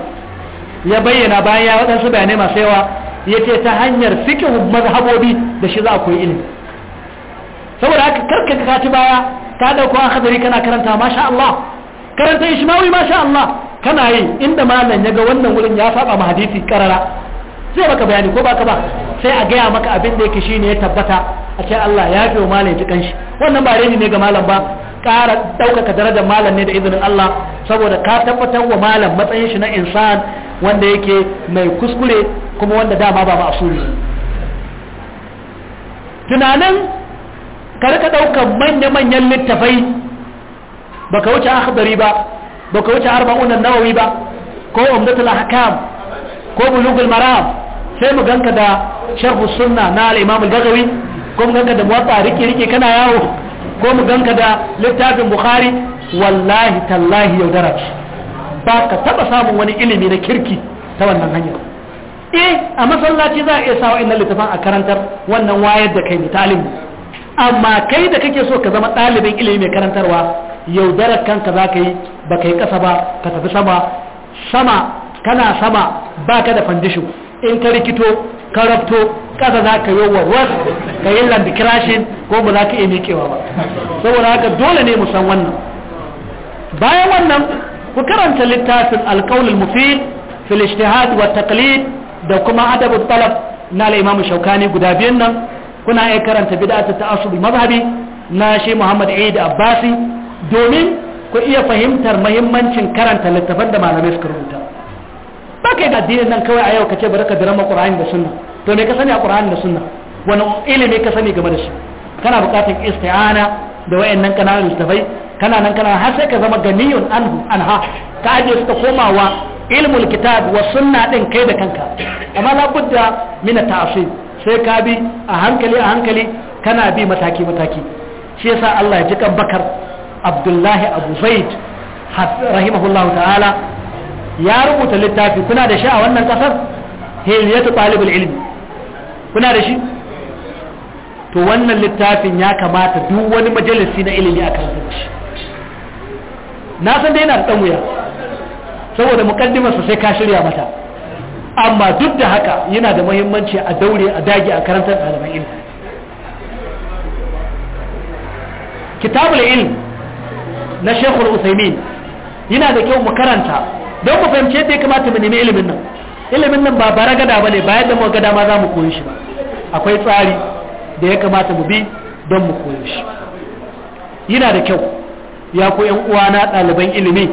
ya bayyana bayan ya waɗansu bayanai masu yawa ya ce ta hanyar fikin mazhabobi da shi za a koyi ilimi saboda haka kar ka ci baya ka dauko an hadari kana karanta masha Allah karanta ishmawi masha Allah kana yi inda malam ya ga wannan wurin ya saba ma hadisi karara zai baka bayani ko baka ba sai a gaya maka abin da yake shine ya tabbata a ce Allah ya fi wa malam ji wannan ba reni ne ga malam ba ƙara ɗaukaka darajar malam ne da izinin Allah saboda ka tabbatar wa malam matsayin shi na insan wanda yake mai kuskure kuma wanda dama ba ma'asuri tunanin ka rika ɗaukar manya-manyan littafai baka wuce akhdari ba baka wuce arba'un nawawi ba ko umdatul ahkam ko bulugul maram sai mu ganka da sharhu sunna na al-imam al-bagawi ko mu ganka da muwatta rike rike kana yawo ko mu ganka da littafin bukhari wallahi tallahi yaudara ce ba ka taba samun wani ilimi na kirki ta wannan hanyar eh a masallaci za a iya sawa inna littafin a karantar wannan wayar da kai ne amma kai da kake so ka zama ɗalibin ilimi mai karantarwa yaudarar kanka za ka yi ba ka yi ƙasa ba ka tafi sama sama kana sama ba ka da fandishin in ka rikito ka rabto kasa za ka yi warwar ka yi lambi kirashin ko ba za ka iya mikewa ba saboda haka dole ne mu san wannan bayan wannan ku karanta littafin alkaulul mufid filistihad ijtihad wa da kuma adabu talab na al shaukani guda biyan nan kuna iya karanta ta ta'assub mazhabi na shi Muhammad da Abbasi domin ku iya fahimtar muhimmancin karanta littafan da malamai suka rubuta ba kai ga addinin nan kawai a yau ka ce bari ka dirama qur'ani da sunna to me ka sani a qur'ani da sunna wani ilimi ka sani game da shi kana buƙatar isti'ana da wayannan kananan littafai kana nan kana har sai ka zama ganiyun anhu anha ka aje su ta komawa ilmul kitab wa sunna din kai da kanka amma la budda min ta'sib sai ka bi a hankali a hankali kana bi mataki mataki shi yasa Allah ya ji kan bakar Abdullahi Abu Zaid rahimahullahu ta'ala ya rubuta littafi kuna da shi a wannan kasar hiliyatu talibul ilmi kuna da shi to wannan littafin ya kamata duk wani majalisi na ilimi a kan shi na san dai yana da dan wuya saboda mukaddimar su sai ka shirya mata amma duk da haka yana da muhimmanci a daure a dage a karantar ɗaliban ilimi kitabul ilm na shekul usaimin yana da kyau mu karanta don mu fahimci yadda ya kamata mu nemi ilimin nan ilimin nan ba bara gada ba ne ba da mu gada ma za mu koyi shi ba akwai tsari da ya kamata mu bi don mu koyi shi yana da kyau ya ku yan uwa na ɗaliban ilimi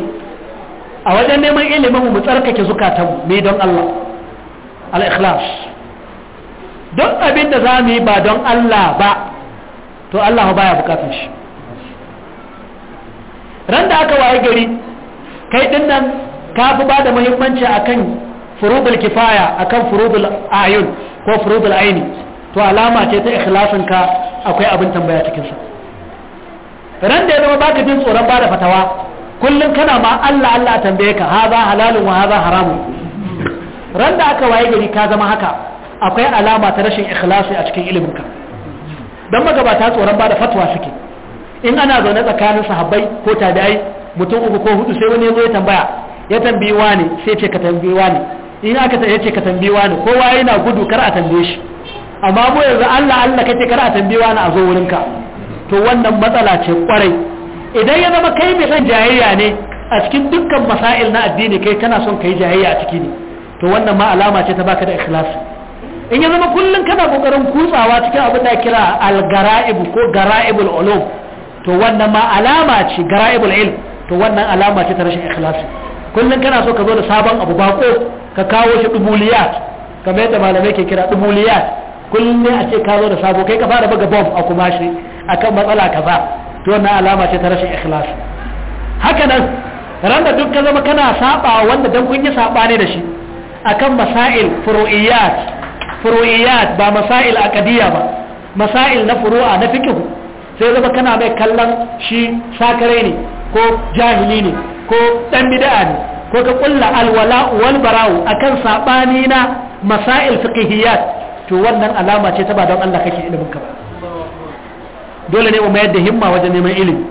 a wajen neman ilimin mu tsarkake zukatanmu ne don Allah al-ikhlas don abin da za mu yi ba don Allah ba to Allah baya bukatar shi ran da aka waye gari kai din nan ka fi ba da muhimmanci akan furudul kifaya akan furudul ayun ko furudul aini to alama ce ta ikhlasin ka akwai abin tambaya cikin sa ran da ya zama baka jin tsoron ba da fatawa kullum kana ma Allah Allah tambaye ka haza halalun wa haza haramun ran da aka waye gari ka zama haka akwai alama ta rashin ikhlasi a cikin ilimin ka dan magabata tsoron ba da fatwa suke in ana zaune tsakanin sahabbai ko tabi'ai mutum uku ko hudu sai wani ya zo ya tambaya ya tambayi wani sai ce ka tambayi wani in aka ta yace ka tambayi wani kowa yana gudu kar a tambaye shi amma mu yanzu Allah Allah kace kar a tambayi wani a zo wurinka. to wannan matsala ce kwarai idan ya zama kai mai son jayayya ne a cikin dukkan masail na addini kai kana son kai jayayya a ciki ne to wannan ma alama ce ta baka da ikhlasi in ya zama kullum kana kokarin kutsawa cikin abin da kira al-gara'ib ko gara'ibul ulum to wannan ma alama ce gara'ibul ilm to wannan alama ce ta rashin ikhlasi kullum kana so ka zo da sabon abu bako ka kawo shi dubuliyat kamar yadda malamai ke kira dubuliyat kullum ne a ce ka zo da sabo kai ka fara buga bomb a kuma shi akan matsala kaza to wannan alama ce ta rashin ikhlas haka nan ran da duk ka zama kana saba wanda dan kun yi saba ne da shi akan masail furu'iyat furu'iyat ba masail aqdiyya ba masail na furu'a na fiqh sai zama kana mai kallon shi sakare ne ko jahili ne ko dan bid'a ne ko ka kulla alwala wal bara'u akan sabani na masail fiqhiyat to wannan alama ce ta ba don Allah kake ilimin ka ba dole ne mu mayar da himma wajen neman ilimi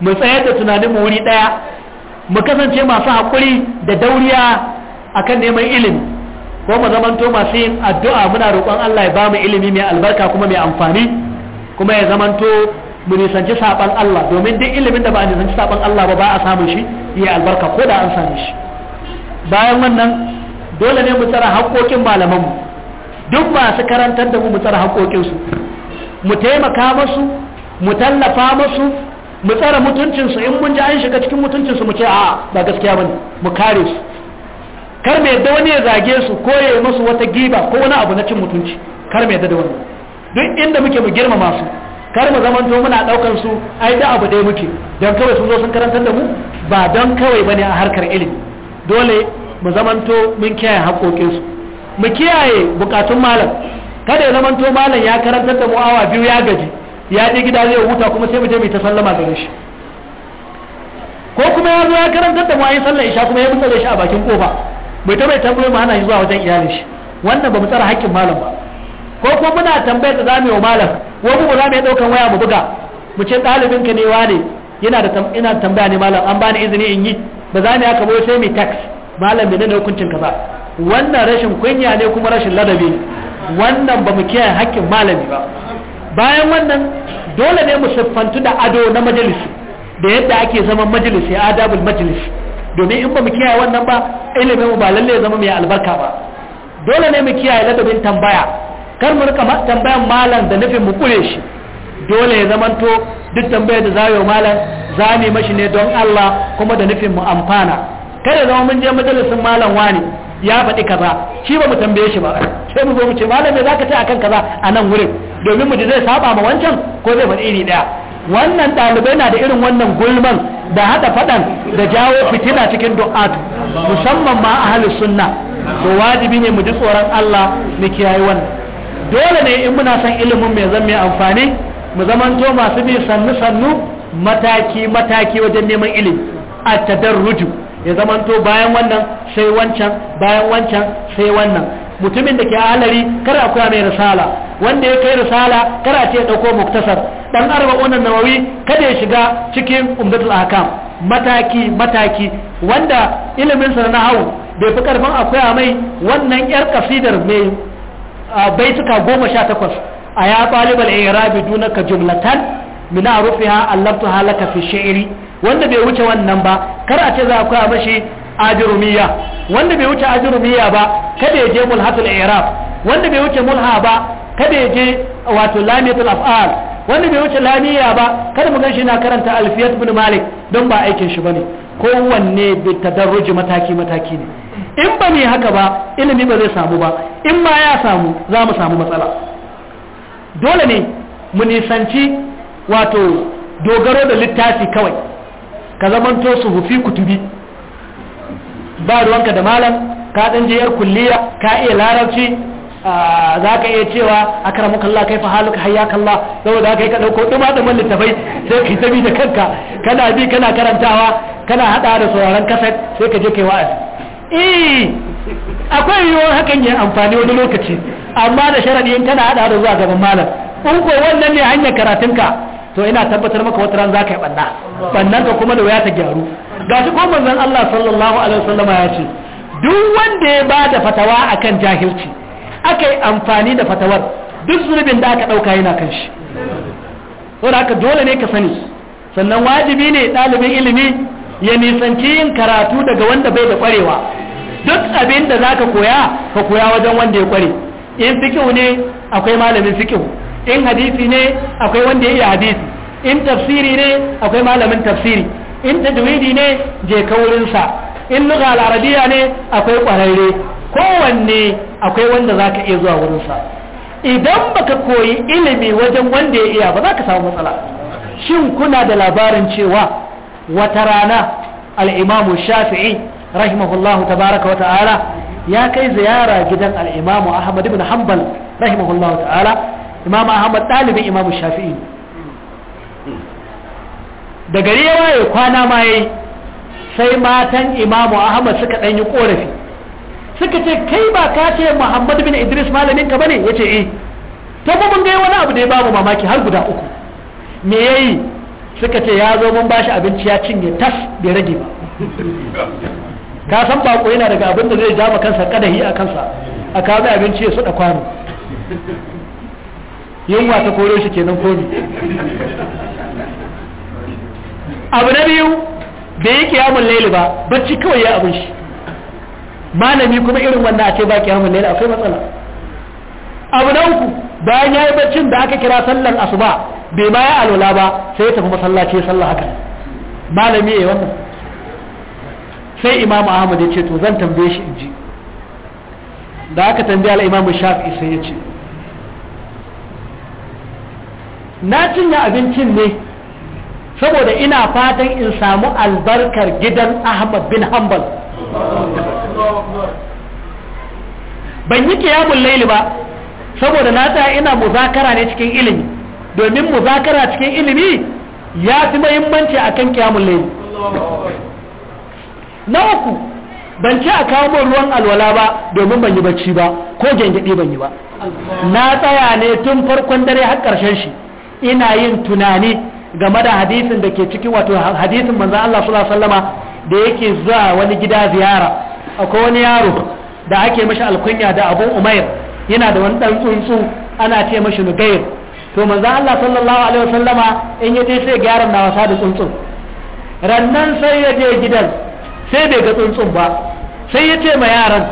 mu tsayar da tunanin mu wuri daya mu kasance masu hakuri da dauriya akan neman ilimi ko mu zamanto masu yin addu'a muna roƙon Allah ya bamu ilimi mai albarka kuma mai amfani kuma ya zamanto mu nisanci saban Allah domin duk ilimin da ba a nisanci saban Allah ba ba a samu shi ya albarka ko da an same shi bayan wannan dole ne mu tsara haƙoƙin malamanmu duk masu karantar da mu mu tsara haƙoƙinsu mu taimaka masu mu tallafa masu mu tsara mutuncinsu in mun ji an shiga cikin mutuncinsu mu ce a'a ba gaskiya bane mu kare su kar mai yadda wani ya zage su ko ya yi musu wata giba ko wani abu na cin mutunci kar mai yadda da wani duk inda muke mu girmama su kar mu to muna daukar su ai da abu dai muke dan kawai sun zo sun karantar da mu ba dan kawai bane a harkar ilimi dole mu to mun kiyaye hakokin su mu kiyaye bukatun malam kada ya to malam ya karantar da mu awa biyu ya gaji ya je gida zai huta kuma sai mu je mu ta sallama gare shi ko kuma ya zo ya karantar da mu ayi sallar isha kuma ya da shi a bakin kofa bai ta bai tambaye mu hana shi zuwa wajen iyalin shi wannan ba mu tsara haƙƙin malam ba ko kuma muna tambayar da zamu yi wa malam wani mu za mu yi ɗaukan waya mu buga mu ce ɗalibin ka ne wane yana da ina tambaya ne malam an bani izini in yi ba za mu yi haka ba sai mu tax malam nuna hukuncin ka ba wannan rashin kunya ne kuma rashin ladabi ne wannan ba mu kiyaye haƙƙin malami ba bayan wannan dole ne mu siffantu da ado na majalisi da yadda ake zaman majalisi adabul majalisi domin in ba mu kiyaye wannan ba ilimin mu ba lalle zama mai albarka ba dole ne mu kiyaye ladabin tambaya kar mu rika tambayan malam da nufin mu kure shi dole ya zamanto duk tambayar da zayo malam za mu mashi ne don Allah kuma da nufin mu amfana kada zama mun je majalisin malam wani ya faɗi kaza shi ba mu tambaye shi ba sai mu zo mu ce malam me zaka ce akan kaza a nan wurin domin mu ji zai saba ma wancan ko zai faɗi iri daya wannan ɗalibai na da irin wannan gulman da haɗa faɗan da jawo fitina cikin du'atu musamman ma ahlus sunna to wajibi ne mu ji tsoron Allah mu kiyaye wannan dole ne in muna son ilimin mai zan mai amfani mu zamanto masu bi sannu sannu mataki mataki wajen neman ilimi a ruju ya zamanto bayan wannan sai wancan bayan wancan sai wannan mutumin da ke alari kar a mai risala wanda ya kai risala kar a ce dauko muktasar dan arba'un nawawi kada ya shiga cikin umdatul ahkam mataki mataki wanda ilimin sa na bai fi karfin a mai wannan yar kasidar mai baituka goma sha takwas a ya ɗalibar irabi dunaka jumlatan mina a rufe ha allabtu halaka fi sha'iri. wanda bai wuce wannan ba kar a ce za a mashi ajirumiya wanda bai wuce ajirumiya ba kada ya je mulhatul irab wanda bai wuce mulha ba kada ya je wato lamitul af'al wanda bai wuce lamiya ba kada mu ganshi na karanta alfiyat bin malik don ba aikin shi bane kowanne bi tadarruji mataki mataki ne in ba mu haka ba ilimi ba zai samu ba in ma ya samu za mu samu matsala dole ne mu nisanci wato dogaro da littafi kawai ka zamanto su hufi kutubi ba ruwanka da malam ka ɗan kulliya ka iya larabci za ka iya cewa a akramu kallah kai fa haluka hayya kalla saboda kai ka ɗauko duma da littafai sai ka da kanka kana bi kana karantawa kana hada da sauraron kaset sai ka je kai wa'azi E, akwai yiwuwar hakan ya amfani wani lokaci amma da sharadi in tana hada da zuwa gaban malam in ko wannan ne hanyar karatunka to ina tabbatar maka wata ran zaka yi banna bannan ka kuma da waya ta gyaru Ga shi ko manzon Allah sallallahu alaihi wasallama ya ce duk wanda ya ba da fatawa akan jahilci akai amfani da fatawar duk zunubin da aka dauka yana kan shi saboda haka dole ne ka sani sannan wajibi ne ɗalibin ilimi ya nisanci yin karatu daga wanda bai da kwarewa duk abin da za ka koya ka koya wajen wanda ya kware in fikihu ne akwai malamin fikihu in hadisi ne akwai wanda ya iya hadisi in tafsiri ne akwai malamin tafsiri in tajwidi ne je kaurinsa in lugha al-arabiyya ne akwai kwararre kowanne akwai wanda zaka iya zuwa wurinsa idan baka koyi ilimi wajen wanda ya iya ba za ka samu matsala shin kuna da labarin cewa wata rana al'imamu shafi'i rahimahullahu tabaraka wa ta'ala ya kai ziyara gidan al'imamu ahmad ibn hanbal rahimahullahu ta'ala imamu ahmad ɗalibin imamu shafi'i da gari ya waye kwana ma yayi sai matan imamu ahmad suka ɗanyi ƙorafi suka ce kai ba ka ce muhammad bin idris malamin ka bane ya ce eh ta mun ga wani abu da ya mu mamaki har guda uku me yayi suka ce ya zo mun bashi abinci ya cinye tas bai rage ba ka san bako yana daga abin da zai ja kansa kadahi a kansa a kawo mai abinci ya suɗa kwano yunwa ta koro shi kenan komi abu na biyu da ya kiyamun laili ba bacci kawai ya abin shi malami kuma irin wannan a ce ba kiyamun laili akwai matsala abu na uku bayan ya yi baccin da aka kira sallan asuba bai baya alwala ba sai ya tafi masallaci sallah haka malami ya wannan sai imamu ahmad ya ce to zan tambaye shi in ji da aka tambaye al'imamu shafi sai ya ce na cinye abincin ne saboda ina fatan in samu albarkar gidan ahmad bin hanbal ban yi kiyamun laili ba saboda na tsaya ina muzakara ne cikin ilimi domin muzakara cikin ilimi ya fi mahimmanci a kan kyamun laifin. na uku ban ce a kawo ruwan alwala ba domin ban yi bacci ba ko gyangyaɗi ban yi ba na tsaya ne tun farkon dare har ƙarshen shi ina yin tunani game da hadisin da ke cikin wato hadisin manzan Allah sallallahu alaihi da yake zuwa wani gida ziyara akwai wani yaro da ake mashi alkunya da abun umair yana da wani dan tsuntsu ana ce mashi nugair to manzo Allah sallallahu alaihi wasallama in yaje sai ga yaron na wasa da tsuntsu. rannan sai ya je gidan sai bai ga tsuntsu ba sai ya ce ma yaran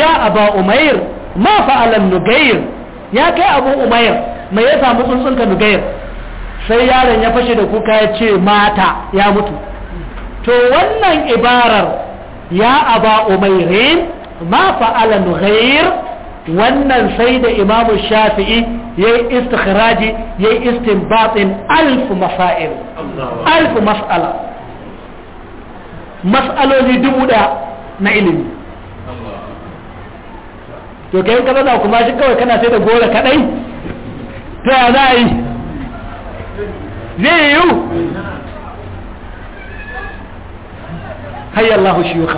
ya aba umair ma fa'alan nugair ya kai abu umair mai ya samu tsuntsun ka nugair sai yaron ya fashe da kuka ya ce mata ya mutu to wannan ibarar ya aba umairin ma fa'alan nugayr wannan sai da imamu shafi'i ya yi istikhiraji ya yi istinbatin alfu masa'il alfu mas'ala mas'aloli dubu da na ilimi to kayan kaza da kuma shi kawai kana sai da gora kadai ta ya za a yi zai yiwu hayyallahu shiyuka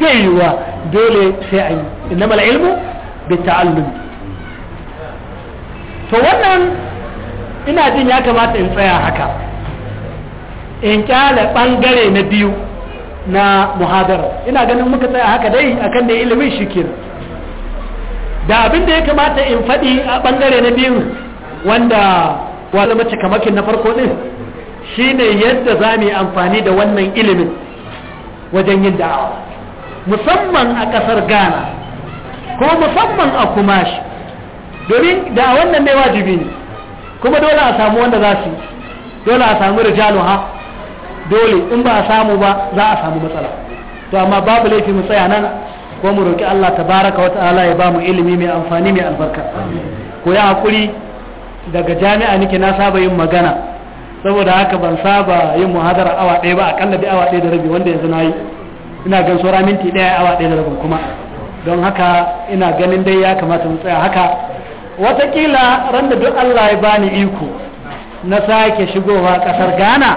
zai yiwuwa dole sai a yi inna mala ilmu bita'allumi to wannan ina jin ya kamata in tsaya haka in kyale bangare na biyu na muhadara ina ganin muka tsaya haka dai akan da ilimin shikir da abin da ya kamata in faɗi a bangare na biyu wanda wani mace kamakin na farko din shine yadda za mu yi amfani da wannan ilimin wajen yin da'awa musamman a ƙasar ghana ko musamman a kumashi domin da wannan ne wajibi ne kuma dole a samu wanda za su dole a samu rijalu ha dole in ba a samu ba za a samu matsala to amma babu laifi mu tsaya nan ko mu roki Allah tabaraka wa ta'ala ya ba mu ilimi mai amfani mai albarka ko ya hakuri daga jami'a nake na saba yin magana saboda haka ban saba yin muhadara awa ɗaya ba akalla da awa ɗaya da rabi wanda yanzu na yi ina gan sora minti ɗaya awa ɗaya da rabin kuma don haka ina ganin dai ya kamata mu tsaya haka watakila ran da duk Allah ya bani iko na sake shigowa kasar Ghana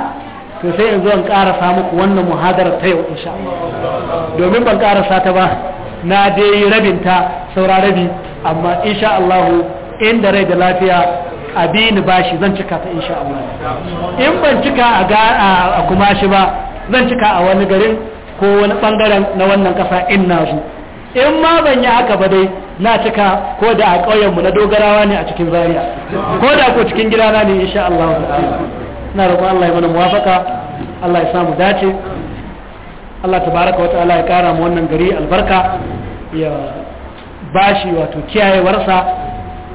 to sai in zo in karasa muku wannan muhadarar ta yau insha Allah domin ban karasa ta ba na dai rabinta saura rabi amma insha Allah inda rai da lafiya abini bashi zan cika ta insha Allah in ban cika a kuma shi ba zan cika a wani garin ko wani bangaren na wannan kasa in na zo in ma ban yi haka ba dai na cika ko da a ƙauyenmu na dogarawa ne a cikin Zariya ko da ko cikin gidana ne insha Allah na roƙon Allah ya mana muwafaka Allah ya samu dace Allah tabaraka wata'ala ya kara mu wannan gari albarka ya bashi wato kiyayewarsa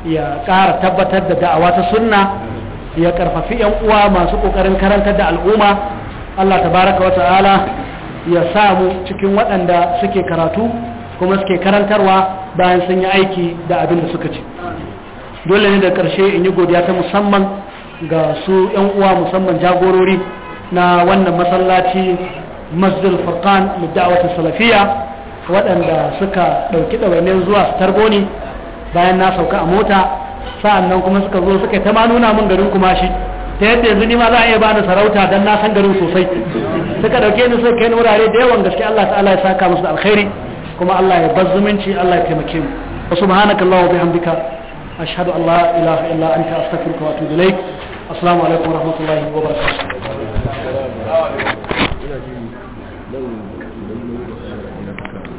ya ƙara tabbatar da da'awa ta sunna ya karfafi yan uwa masu kokarin karantar da al'umma Allah tabaraka wata'ala ya samu cikin waɗanda suke karatu kuma suke karantarwa bayan sun yi aiki da abin da suka ce dole ne da ƙarshe in yi godiya ta musamman ga su 'yan uwa musamman jagorori na wannan masallaci masjid furqan lidda'awatin salafiya waɗanda suka ɗauki ɗawainiyar zuwa su tarbo ni bayan na sauka a mota sa'annan kuma suka zo suka ta ma nuna min garin kumashi ta yadda yanzu ni ma za a iya bani sarauta don na san garin sosai suka ɗauke ni suka kai ni wurare da yawan gaske Allah ta'ala ya saka musu alkhairi kuma Allah ya bar zumunci Allah ya taimake mu wa subhanaka allahumma bihamdika ashhadu an la ilaha illa anta astaghfiruka wa atubu ilaik assalamu alaikum wa rahmatullahi wa barakatuh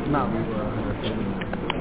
na'am